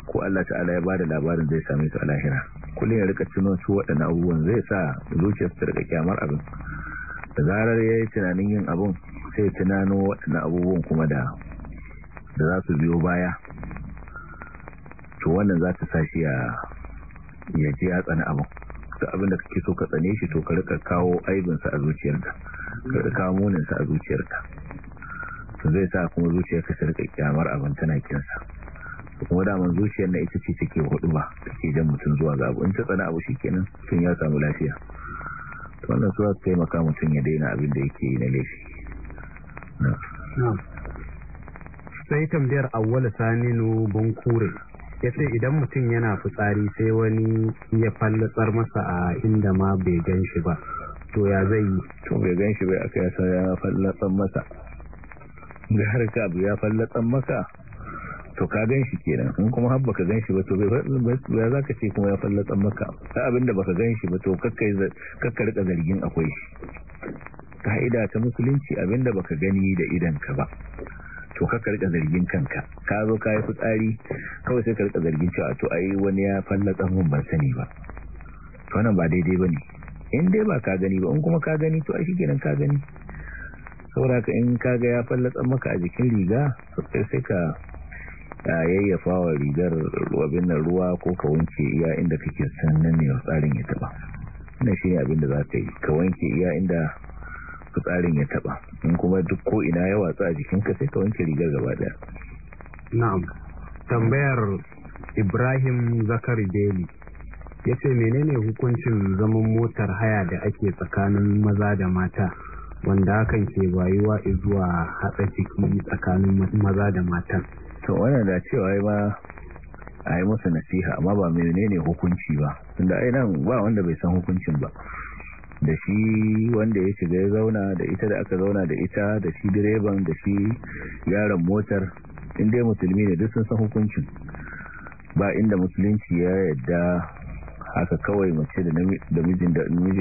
ko Allah ta'ala ya bada labarin zai same su a lahira kullum ya rika tuno su waɗannan abubuwan zai sa zuciyarsa ta rika kyamar abin da zarar ya yi tunanin yin abun sai tunano waɗannan abubuwan kuma da za su biyo baya to wannan za ta sashi ya ji ya tsana abin ta abin kake so ka tsane shi to ka kawo aibinsa a zuciyarka ka kawo muninsa a zuciyarka to zai sa kuma zuciyarka ta rika kyamar abin tana kinsa kuma daman zuciyar na ita ce take hudu ba take jan mutum zuwa ga abu in ta tsana abu shi kenan tun ya samu lafiya to wannan su za taimaka mutum ya daina abin da yake yi na laifi sai tambayar awwala saninu bankure ya ce idan mutum yana fitsari sai wani ya fallatsar masa a inda ma bai gan shi ba to ya zai yi to bai gan shi bai aka yasa ya fallatsar masa da har ka ya fallatsar maka to ka gan shi kenan in kuma har baka gan shi ba to bai za ka ce kuma ya fallatsar maka ta da baka gan shi ba to kakka rika zargin akwai shi ka'ida ta musulunci abin ba baka gani da idanka ba to ka karka zargin kanka ka zo ka yi fitsari kawai sai ka rika zargin cewa to ai wani ya falla tsamin ban sani ba to wannan ba daidai bane in dai ba ka gani ba in kuma ka gani to ai gina ka gani saboda ka in ka ga ya falla maka a jikin riga sai ka yayyafa wa rigar wabin ruwa ko ka wanke iya inda kake sannan ne tsarin ya taba na shi ne abin da za ka yi ka wanke iya inda fitsarin ya taba in kuma duk ko ina ya watsa a jikinka sai ka wanke rigar gaba daya na'am tambayar ibrahim zakari beli ya ce menene hukuncin zaman motar haya da ake tsakanin maza da mata wanda hakan ke bayuwa zuwa hatsa ciki tsakanin maza da mata to wannan da cewa ya ba a yi masa nasiha amma ba menene hukunci ba tunda ai nan ba wanda bai san hukuncin ba da shi wanda ya shiga ya zauna da ita da aka zauna da ita da shi direban da shi yaron motar inda ya musulmi ne duk sun san hukuncin ba inda musulunci ya yadda haka kawai mace da mijin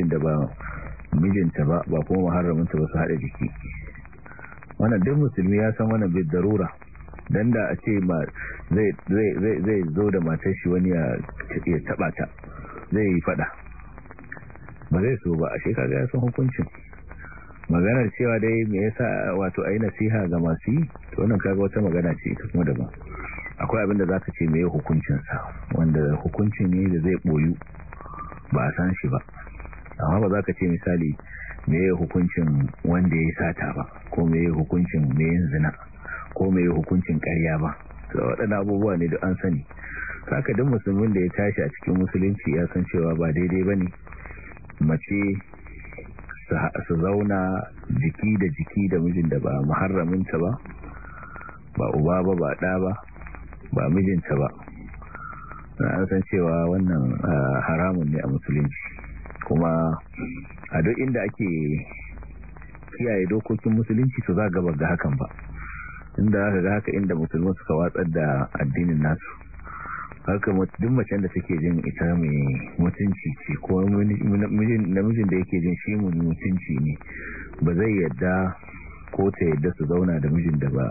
da ba mijinta ba ba kuma maharaminta ba su haɗa jiki wannan duk musulmi ya san wannan bai darura don da a ce zai zo da matar wani ya taɓa ta zai yi faɗa ba zai so ba a shekaru ya san hukuncin maganar cewa dai me yasa wato a yi nasiha ga masu yi to wannan kaga wata magana ce ita kuma daban akwai abinda za ka ce mai hukuncinsa wanda hukuncin ne da zai boyu ba a san shi ba amma ba za ka ce misali mai hukuncin wanda ya yi sata ba ko mai hukuncin yin zina ko mai hukuncin karya ba to waɗanda abubuwa ne da an sani saka duk musulmin da ya tashi a cikin musulunci ya san cewa ba daidai ba ne. mace su zauna jiki da jiki da mijin da ba muharraminta ba ba uba ba ba ɗa ba ba mijinta ba an san cewa wannan haramun ne a musulunci kuma a duk inda ake kiyaye dokokin musulunci su za gaba ga hakan ba inda za ga haka inda musulman suka watsar da addinin nasu haka duk macen da take jin ita mai mutunci ce ko namijin da yake jin shi mun mutunci ne ba zai yadda ko ta yadda su zauna da mijin da ba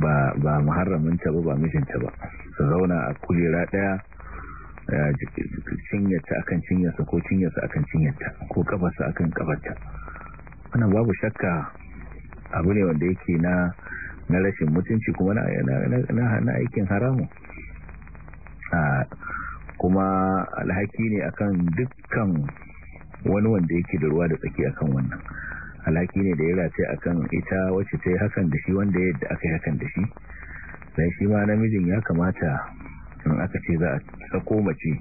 ba ba muharraminta ba ba mijinta ba su zauna a kujera daya cinyarta akan cinyarsa ko cinyarsa akan cinyarta ko kafarsa akan kafarta wannan babu shakka abu ne wanda yake na na rashin mutunci kuma na aikin haramu kuma alhaki ne akan dukkan wani wanda yake da ruwa da tsaki akan wannan alhaki ne da ya race akan ita wacce ta yi hakan da shi wanda yadda aka yi hakan da shi sai shi ma namijin ya kamata in aka ce za a sako mace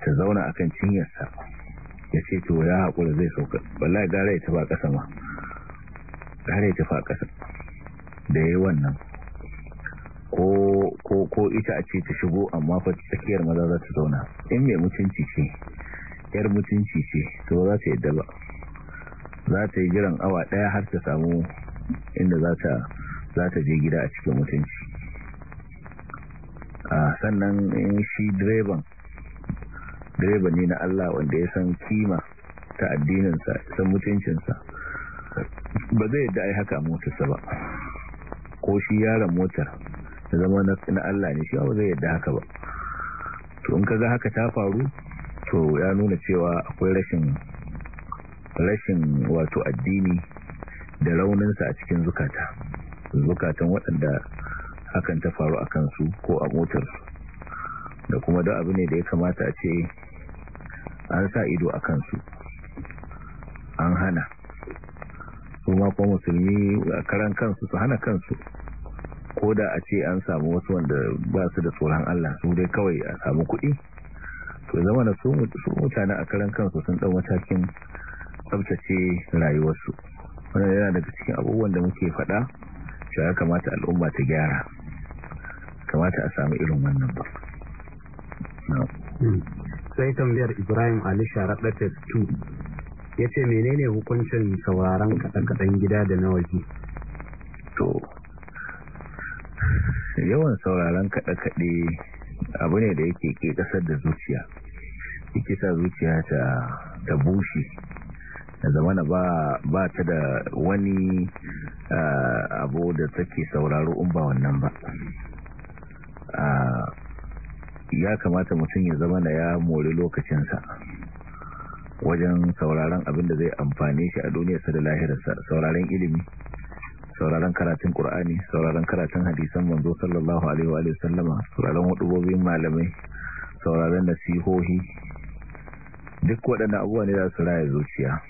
ta zauna akan cinyarsa ya ce to ya haƙura zai sauka ya gara ya tafa ƙasa ma gara ya tafa ƙasa da ya yi wannan ko ko ita a ce ta shigo amma fa tsakiyar maza za ta zauna in mai mutunci ce yar mutunci ce to za ta yadda ba za ta yi jiran awa daya har ta samu inda za ta je gida a cikin mutunci a sannan in shi direban direban ne na Allah wanda ya san kima ta addininsa san mutuncinsa ba zai yadda ai haka motarsa ba ko shi yaron motar ya zama na Allah ne shi ba zai yadda haka ba to in ka ga haka ta faru to ya nuna cewa akwai rashin rashin wato addini da rauninsa a cikin zukata zukatan waɗanda hakan ta faru a kansu ko a motarsu da kuma da abu ne da ya kamata a ce an sa ido a kansu an hana su ma kuma musulmi a karan kansu su hana kansu ko da a ce an samu wasu wanda ba su da tsoron Allah su dai kawai a samu kuɗi to zama da su mutane a karan kansu sun ɗau matakin tsabtace rayuwarsu wannan yana daga cikin abubuwan da muke faɗa shi kamata al'umma ta gyara kamata a samu irin wannan ba hmm. sai tambayar ibrahim ali sharaɗatar 2 ya ce menene hukuncin sauraron kaɗan-kaɗan gida da na waje to yawan sauraron kaɗe-kaɗe abu ne da yake ke ƙasar da zuciya yake sa zuciya ta bushe da zamana ba ta da wani abu da take sauraro in ba wannan ba ya kamata mutum ya zama na ya mori lokacinsa wajen sauraron abin da zai amfane shi a duniyarsa da lahirarsa sauraron ilimi sauraron karatun ƙur'ani sauraron karatun hadisan manzo sallallahu alaihi wa sallama sauraron hudubobin malamai sauraron nasihohi duk waɗanda abubuwa ne za su raya zuciya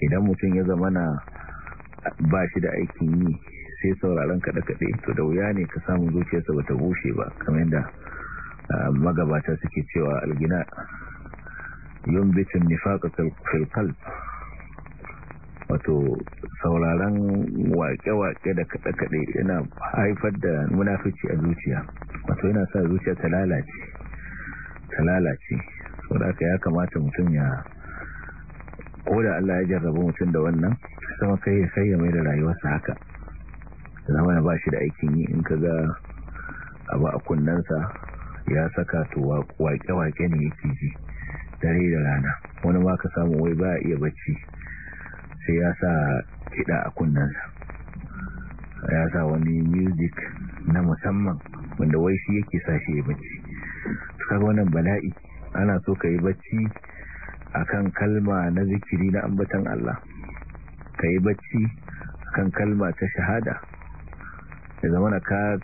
idan mutum ya zama na ba shi da aikin yi sai sauraron kaɗe-kaɗe to da wuya ne ka samu zuciyarsa ba ta bushe ba kamar da magabata suke cewa algina yun bitin nifaƙa filkal wato sauraron wake-wake da kaɗe-kaɗe yana haifar da munafici a zuciya wato yana sa zuciya ta lalace ta lalace so da ya kamata mutum ya ko da Allah ya jarraba mutum da wannan sama kai ya kai ya mai da rayuwarsa haka zama ya ba shi da aikin yi in ka ga abu a kunnensa ya saka to waƙe-waƙe ne yake ji dare da rana wani ma ka samu wai ba a iya bacci sai ya sa kiɗa a kunnansa ya sa wani music na musamman wanda wai shi yake sa shi ya bacci suka wannan bala'i ana so ka yi bacci akan kalma na zikiri na ambatan Allah ka yi bacci akan kalma ta shahada da zama na ka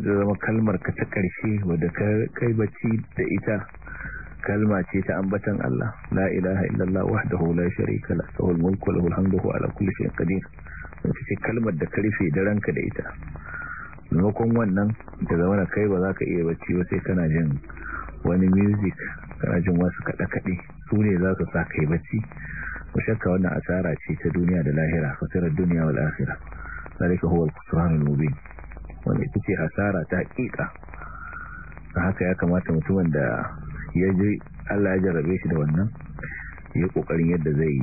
zama kalmar ka ta karshe wadda ka kai bacci da ita kalma ce ta ambatan Allah la ilaha illallah wahdahu la sharika la sahul mulku lahul hamdu ala kulli shay'in qadir wacce ce kalmar da ka rufe da ranka da ita lokacin wannan da zamana kai ba za ka iya bacci ba sai kana jin wani music kana jin wasu kaɗe-kaɗe su ne za su sa kai bacci ku shakka wannan asara ce ta duniya da lahira fasirar duniya wal akhira zalika huwa al al-mubin ita ce hasara ta hakika haka ya kamata mutumin da ya je Allah ya jarabe shi da wannan ya kokarin yadda zai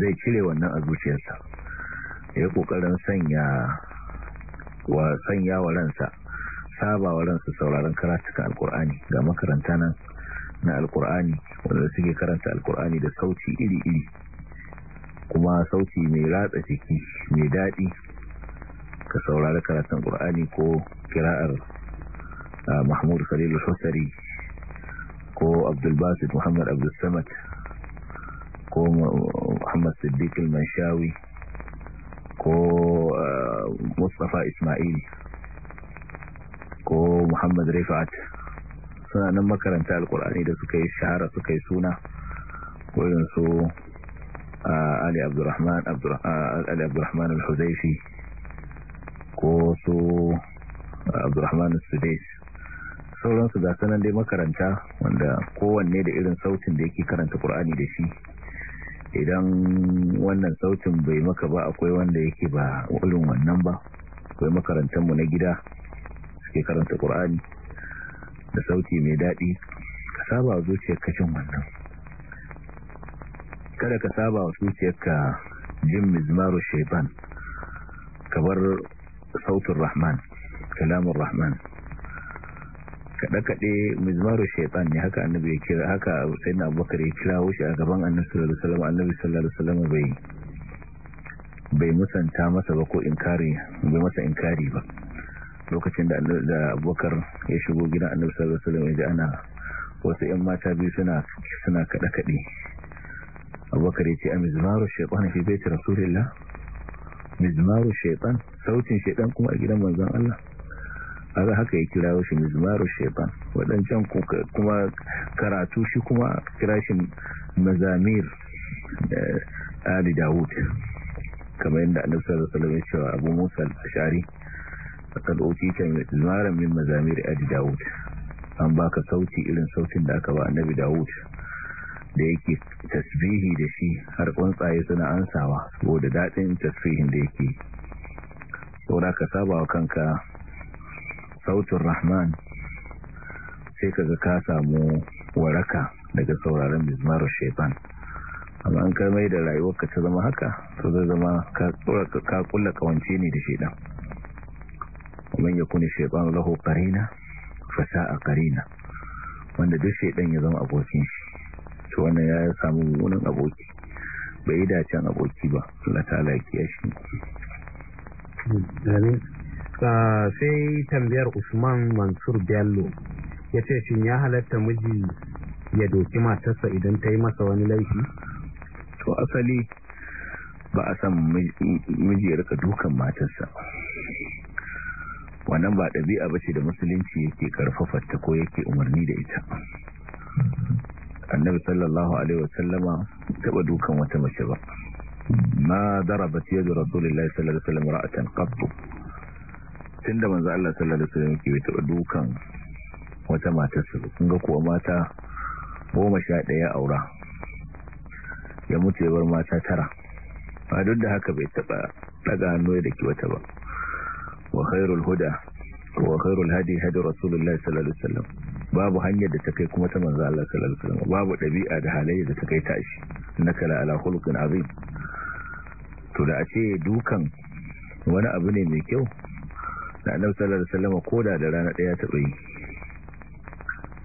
zai cire wannan a zuciyarsa ya kokarin sanya wa sanya wa ransa saba wa ransa sauraron karatuka alkur'ani ga makaranta nan na alkur'ani wanda suke karanta alkur'ani da sauti iri-iri kuma sauti mai ratsa ciki mai daɗi ka saurari karatun ƙur'ani ko kira'ar mahmud khalil husari ko abdulbasit muhammad abdulsamad ko muhammad siddiq al-manshawi ko mustapha ismail ko muhammad rifat suna nan makaranta alkur'ani da suka yi shahara suka yi suna wurin su ali abdurrahman al ko su abdurrahman al-sudais sauransu ga sanan dai makaranta wanda kowanne da irin sautin da yake karanta qur'ani da shi idan wannan sautin bai maka ba akwai wanda yake ba irin wannan ba akwai makarantanmu na gida suke karanta ƙur'ani da sauti mai daɗi ka saba wa zuciyar kashin wannan kada ka saba wa ka jin mizmaru shaitan kabar sautin rahman kalamun rahman kaɗe-kaɗe mizmaru shaitan ne haka annabi ya kira haka sai na abubakar ya kira wuce a gaban annabi sallallahu alaihi wasallam annabi sallallahu alaihi wasallam bai musanta masa ba ko inkari bai masa inkari ba lokacin da abubakar ya shigo gidan annabi sallallahu alaihi wasallam ya ji ana wasu ‘yan mata biyu suna suna kaɗe-kaɗe abubakar ya ce a mizmaru shaitan fi bai ta rasulillah mizmaru shaitan sautin shaitan kuma a gidan manzon Allah aga haka ya kira shi mizmaru shaitan waɗancan kuma karatu shi kuma kira shi mazamir eh, ali dawud kamar yadda annabtar sallallahu alaihi cewa abu musa al-ashari kad utita mizmaran min mazamir ali dawud an baka sauti irin sautin da aka ba annabi dawud da yake tasbihi da shi har tsuntsaye suna ansawa saboda daɗin tasbihin da yake saboda ka saba wa kanka sautin rahman sai ka ga ka samu waraka daga sauraron mizmarar shaitan amma an kai mai da ka ta zama haka to zai zama ka kulla kawance ne da shaitan kuni shaitan الشيطان karina قرينا a karina wanda duk shaidan ya zama abokin shi to wannan ya samu munin aboki bai yi dacen aboki ba Allah ta lafiya shi hmm, Ah, sai tambayar usman mansur bello ya ce shi ya halatta miji ya doki matarsa idan ta yi masa wani laifi to asali ba a san miji ya rika dukan matarsa wannan ba ɗabi'a ba ce da musulunci yake karfafarta ko yake umarni da ita annabi sallallahu alaihi wasallama taɓa dukan wata mace ba ma darabat yadu rasulillahi sallallahu alaihi wasallam ra'atan qabdu. tun da manzo Allah sallallahu alaihi wasallam ke taɓa dukan wata matarsa kun ga kuwa mata goma sha ɗaya aura ya mutu ya bar mata tara A duk da haka bai taɓa ɗaga hannu da ke wata ba wa khairul huda wa khairul hadi hadi rasulullahi sallallahu alaihi wasallam babu hanyar da ta kai kuma ta manzo Allah sallallahu alaihi wasallam babu ɗabi'a da halayya da ta kai ta shi innaka ala khuluqin azim to da a ce dukan wani abu ne mai kyau da annabi sallallahu alaihi wasallam koda da rana daya ta tsayi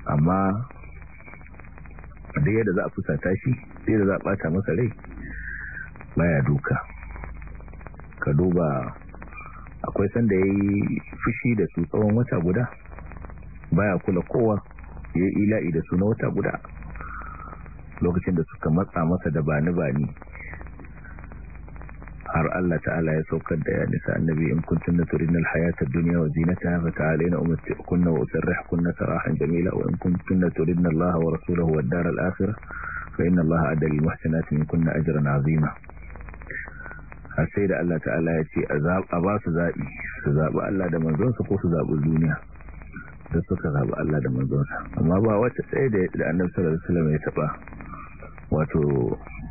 amma da yadda za a fusa shi sai da za a ɓata masa rai baya duka ka duba akwai sanda yayi fushi da su tsawon wata guda baya kula kowa yayi ila'i da su na wata guda lokacin da suka matsa masa da bani bani har Allah ta'ala ya saukar da ya nisa annabi in kuntum turidna al-hayata dunya wa zinataha fata'alina umtikun wa usarrihkunna sarahan jamila wa in kuntum turidna Allah wa rasulahu wad-dar al-akhirah fa inna Allah adda lil muhsinati minkunna ajran 'azima har sai da Allah ta'ala ya ce a ba su zabi su zabi Allah da manzonsa ko su zabi duniya da suka zabi Allah da manzonsa amma ba wata tsaye da annabi sallallahu alaihi wasallam ya taba wato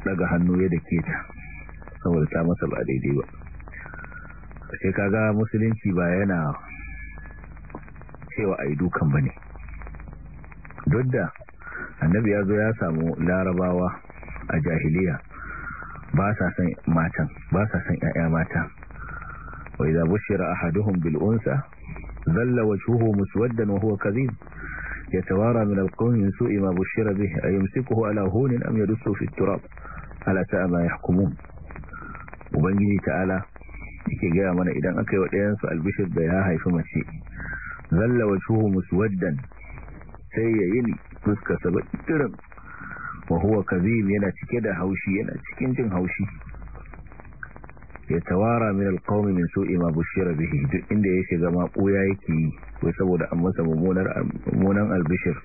daga hannu ya dake ta saboda ta masa ba daidai ba sai kaga musulunci ba yana cewa ai dukan bane ne duk da annabi yazo ya samu larabawa a jahiliya ba sa san mata ba sa san ƴaƴa mata wa idza bushira ahaduhum bil unsa zalla wajhuhu muswaddan wa huwa kadhib yatawara min al-qawmi min su'i ma bushira bihi ayumsikuhu ala hunin am yadussu fi turab ala sa'a ma yahkumun ubangiji ta'ala yake gaya mana idan aka yi wa albishir da ya haifi mace zalla wa cuhu sai ya yi fuska saba irin wa kazim yana cike da haushi yana cikin jin haushi ya tawara min alqawmi min su'i ma bushira bihi duk inda ya shiga ma koya yake yi wai saboda an masa mummunan albishir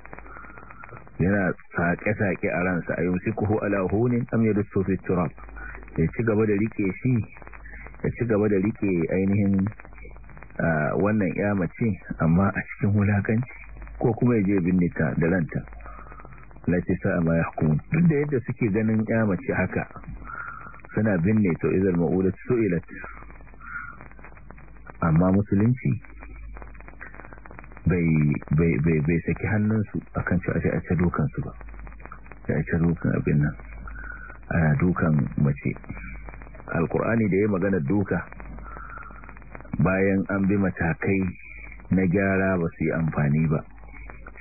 yana saƙe-saƙe a ransa a yumsikuhu ala hunin am yadussu sofi turab ya ci gaba da rike shi ya ci gaba da rike ainihin wannan ya mace amma a cikin wulakanci ko kuma ya je binnita da ranta lati sa'a ma ya hukumu duk da yadda suke ganin ya mace haka suna binne to izar so su'ilat amma musulunci bai saki hannunsu a kan cewa ce a ce ba da a dokan abin nan ana dukan mace alkur'ani da ya magana duka bayan an bi matakai na gyara ba su yi amfani ba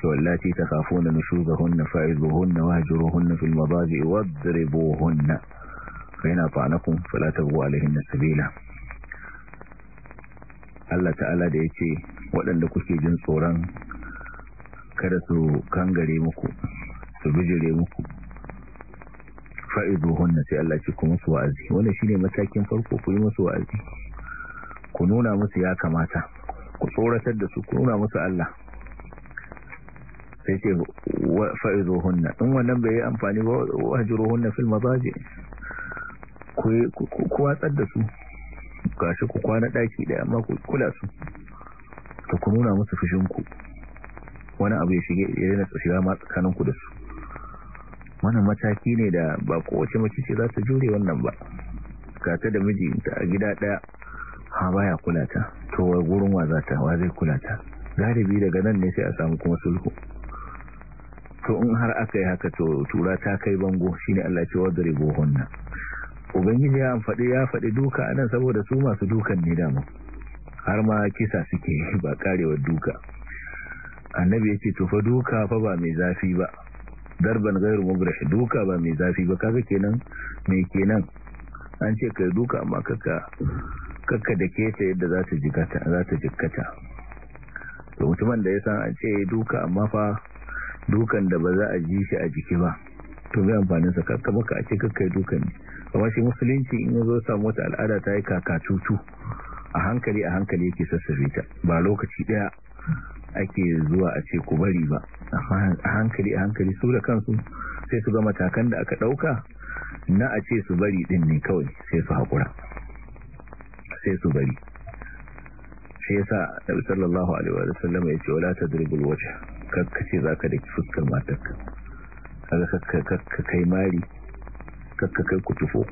wallaci ta kafo na ba zai wajiruhunna fil hunna ka yana fa’anakun filatar tabghu na sabila Allah ta'ala da ya ce waɗanda kuke jin tsoron kada su kangare muku su bijire muku fa'iduhunna sai Allah ce ku musu wa'azi shi shine matakin farko ku yi musu wa'azi ku nuna musu ya kamata ku tsoratar da su ku nuna musu Allah sai ce fa'iduhunna in wannan bai yi amfani ba wahjuruhunna filma ba je ku watsar da su shi ku kwana ɗaki da amma ku kula su ta ku nuna musu fushinku wani abu ya shiga ya rena tsakaninku da su wannan mataki ne da ba kowace mace ce za ta jure wannan ba kata da mijinta a gida daya ha baya kula ta to wai gurin wa za ta wa zai kula ta galibi daga nan ne sai a samu kuma sulhu to in har aka yi haka to tura ta kai bango shine Allah ce wadda ribo hunna ubangiji ya faɗi ya faɗi duka anan saboda su masu dukan ne dama har ma kisa suke ba karewar duka annabi ya ce to fa duka fa ba mai zafi ba darban gairu mubrah duka ba mai zafi ba kaga kenan mai kenan an ce kai duka amma kaka kaka da ke ta yadda za ta jikata za ta jikata to mutumin da ya san an ce duka amma fa dukan da ba za a ji shi a jiki ba to zai amfanin sa kaka baka a ce kaka duka ne amma shi musulunci in yazo samu wata al'ada ta yi kaka cucu a hankali a hankali yake sassafe ta ba lokaci daya ake zuwa a ce ku bari ba a hankali a hankali su da kansu sai su ga matakan da aka ɗauka na a ce su bari din ne kawai sai su haƙura sai su bari shi yasa ɗabi sallallahu alaihi wa sallama ya ce wala ta durbul wace kakkace za ka da fuskar matakka kakka kai mari kakka kai kutufo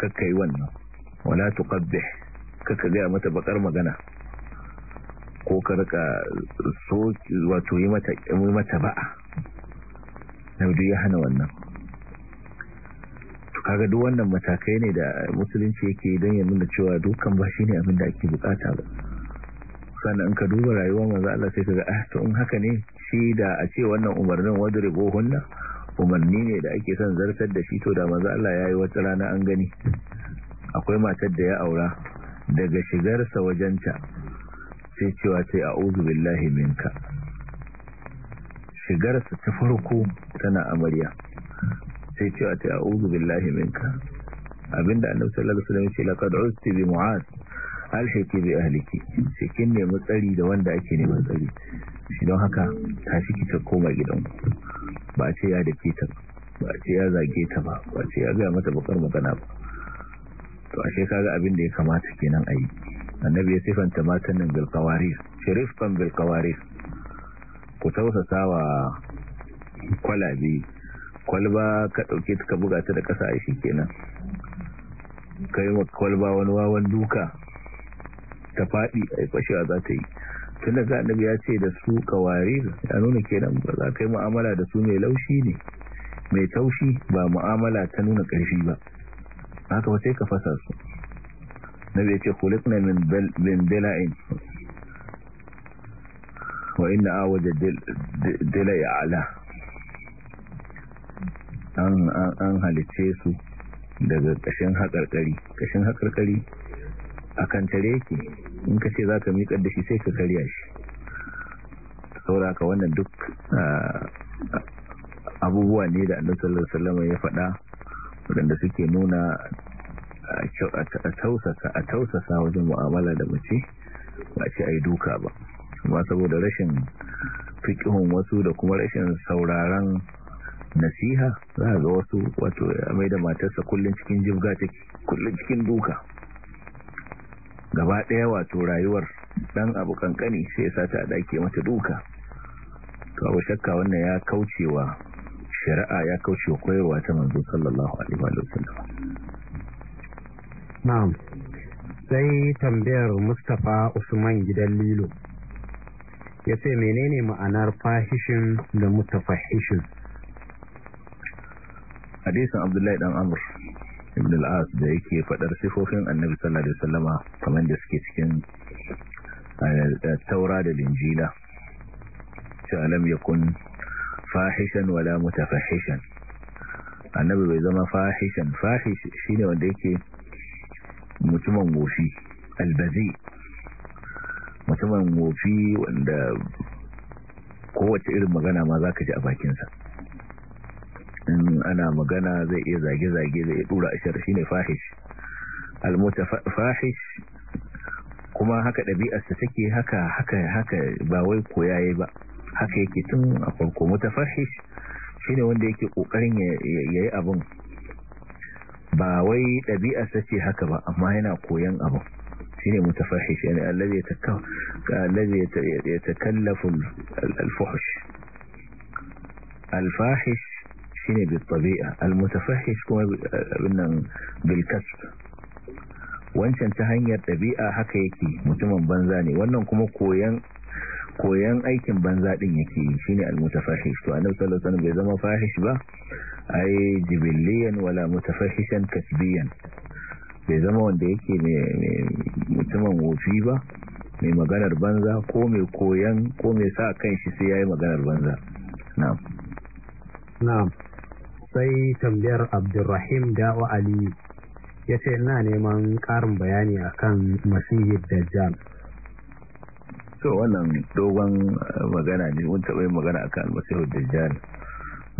kakka yi wannan wala tuqabbih kakka gaya mata bakar magana ko ka so wato yi mata yi mata ba'a nabi ya hana wannan to kaga duk wannan matakai ne da musulunci yake don ya nuna cewa dukkan ba ne abin da ake bukata ba sannan in ka duba rayuwar manzo Allah sai ga ah to in haka ne shi da a ce wannan umarnin wadribu hunna umarni ne da ake son zartar da shi to da manzo Allah yi wata rana an gani akwai matar da ya aura daga shigarsa wajenta sai cewa a a'udhu billahi minka shigarsa ta farko tana amarya sai cewa a a'udhu billahi minka abinda annabi sallallahu alaihi wasallam ya ce laqad usti bi mu'az alhaki bi ahliki cikin ne matsari da wanda ake neman matsari shi don haka ta shiki ta koma gidan ba ce ya da ta ba ce ya zage ta ba ba ce ya ga mata bakar magana ba to ashe kaga abin da ya kamata kenan a yi annabi ya sifanta matan nan bil qawarir sharifan ku tausasa wa kwalabe kwalba ka ɗauke ka buga ta da kasa a shi kenan kai wa kwalba wani wawan duka ta faɗi a fashewa za ta yi tun daga annabi ya ce da su kawarir ya nuna kenan ba za ka yi mu'amala da su mai laushi ne mai taushi ba mu'amala ta nuna ƙarfi ba haka ba sai ka fasa su na yace khuliqna min min dila'in wa inna awaja ya ala an halice su daga kashin haƙarƙari kashin haƙarƙari a kan tare ki in ka ce za ka miƙa da shi sai ka karya shi sauraka wannan duk abubuwa ne da annabi sallallahu ya faɗa waɗanda suke nuna a tausasa wajen mu'amala da mace ba ce a yi duka ba kuma saboda rashin fikihun wasu da kuma rashin sauraron nasiha za a ga wasu wato mai da matarsa kullum cikin jibga take kullum cikin duka gaba ɗaya wato rayuwar ɗan abu kankani sai ya sata a ɗaki mata duka to abu shakka wannan ya kaucewa shari'a ya kaucewa koyarwa ta manzo sallallahu alaihi wa sallam na'am sai tambayar mustapha usman gidan lilo ya ce menene ma'anar fahishin da mutafahishin hadisin abdullahi dan amur ibn al-as da yake fadar sifofin annabi sallallahu alaihi wasallama kamar da suke cikin eh, taura da linjila cewa yakun fahishan wala mutafahishan annabi bai zama fahishan fahish shine wanda yake mutumin wofi albazi mutumin wofi wanda kowace irin magana ma za ka ji a bakinsa in ana magana zai iya zage-zage zai dura ashar shi ne fahish almota fahish kuma haka ɗabi'arsa take haka haka haka ba wai koyaye ba haka yake tun a farko shi ne wanda yake ya yayi abin ba wai ɗabi'a sace haka ba amma yana koyan abu shine mutafahish yani allazi yatakaf allazi yatakallafu al-fuhsh al-fahish shine bi tabi'a al-mutafahish kuma eh, binnan bil kasb wancan ta hanyar ɗabi'a haka yake mutumin banza ne wannan kuma koyan koyan aikin banza din yake shine al-mutafahish to annabi sallallahu alaihi wasallam bai zama fahish ba ai jibiliyan wala mutafashishan kasbiyan bai zama wanda yake mutumin wofi ba mai maganar banza ko mai koyan ko mai sa kan shi sai ya yi maganar banza na'am na'am sai tambayar abdurrahim wa ali ya ce na neman karin bayani akan masihid dajjal so wannan dogon eh, magana ne wani taɓa yin magana akan masihid dajjal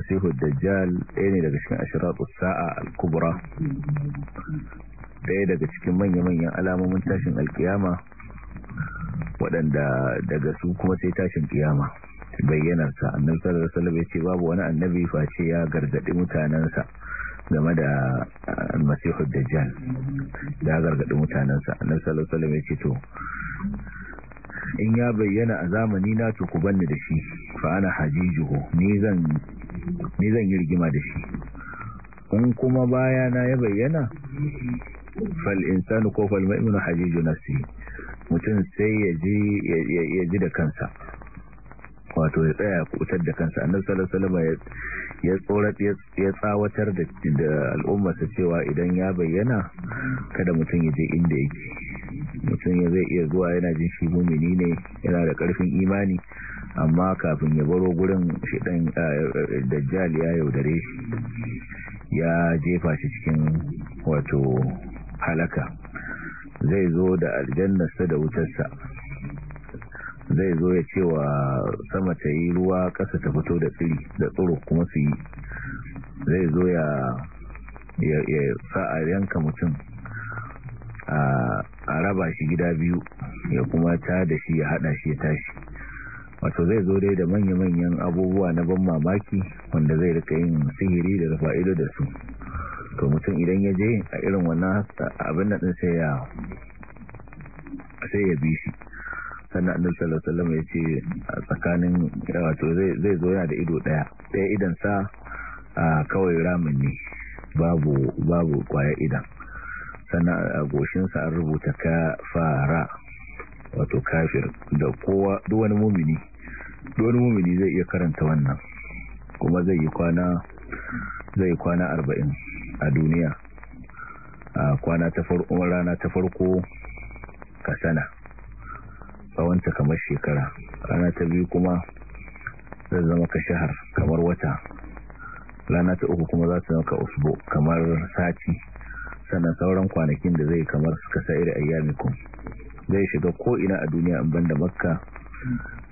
masihud dajjal ɗaya ne daga cikin ashiratu sa'a a kubra ɗaya daga cikin manya-manyan alamomin tashin alkiyama waɗanda daga su kuma sai tashin kiyama bayyanarsa annabi sallallahu alaihi wasallam yace babu wani annabi face ya gargadi mutanansa game da almasihu dajjal da gargadi mutanensa annabi sallallahu alaihi wasallam yace to in ya bayyana a zamani na to ku banni da shi fa ana hajijuhu ni zan ni zan yi rigima da shi in kuma baya na ya bayyana fal insanu ko fal maimunu na nafsi mutum sai ya ji da kansa wato ya tsaya kutar da kansa annan sallallahu ya tsorat ya tsawatar da al'umma cewa idan ya bayyana kada mutum ya je inda yake mutum ya zai iya zuwa yana jin shi mumini ne yana da karfin imani amma kafin ya baro gurin shidan eh, eh, eh, dajjal ya yaudare shi ya jefa shi cikin wato halaka zai zo da aljannarsa da wutarsa zai zo ya cewa sama ta yi ruwa ƙasa ta fito da tsiri da tsoro kuma su yi zai zo ya sa a yanka mutum a raba shi gida biyu ya kuma ta da shi ya hada shi ya tashi wato zai zo dai da manya-manyan abubuwa na ban mamaki wanda zai rika yin sihiri da rufa da su to mutum idan ya je a irin wannan abin da ɗin sai ya sai ya bi shi sannan annabi sallallahu ya ce a tsakanin wato zai zo yana da ido daya ɗaya idan sa a kawai ramin ne babu babu kwaya idan sannan a goshin an rubuta ka fara wato kafir da kowa duk wani mumini wani mumini zai iya karanta wannan kuma zai yi kwana zai kwana arba'in a duniya a kwana ta farko rana ta farko ka sana tsawonta kamar shekara rana ta biyu kuma zai zama ka shahar kamar wata rana ta uku kuma za ta zama ka usbo kamar sati sannan sauran kwanakin da zai kamar suka sa'ir yamikun, zai shiga ko ina a duniya in banda makka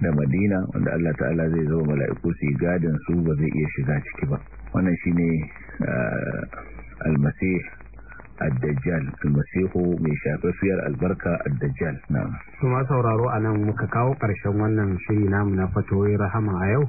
da madina wanda Allah ta'ala zai zo mala'iku su gadin su ba zai iya shiga ciki ba wannan shine ah, almasih ad-dajjal almasihu mai shafafiyar albarka ad-dajjal na'am kuma sauraro anan muka kawo ƙarshen wannan shiri namu na fatoyi rahama a yau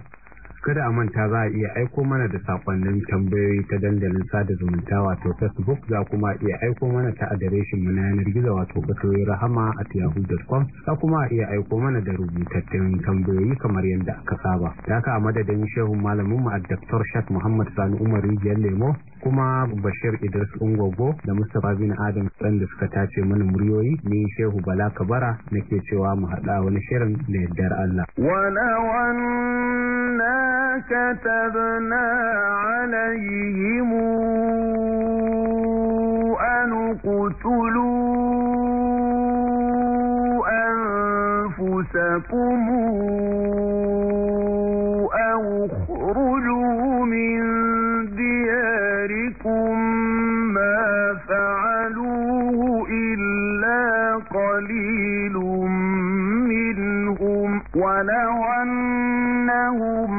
kada a manta za a iya aiko mana da sakonnin tambayoyi ta dandalin sada zumunta wato facebook za kuma iya aiko mana ta adireshin mu na yanar gizo wato fatoyi rahama at yahoo.com za kuma iya aiko mana da rubutattun tambayoyi kamar yadda aka saba da haka a madadin shehu malamin mu a dr shak muhammad sani umar rijiyar lemo kuma bashir idris ungogo da mustapha bin adam ɗan da suka tace mana muryoyi ni shehu bala kabara nake cewa mu haɗa wani shirin da yardar allah كتبنا عليهم أن اقتلوا أنفسكم أو اخرجوا من دياركم ما فعلوه إلا قليل منهم ولو أنهم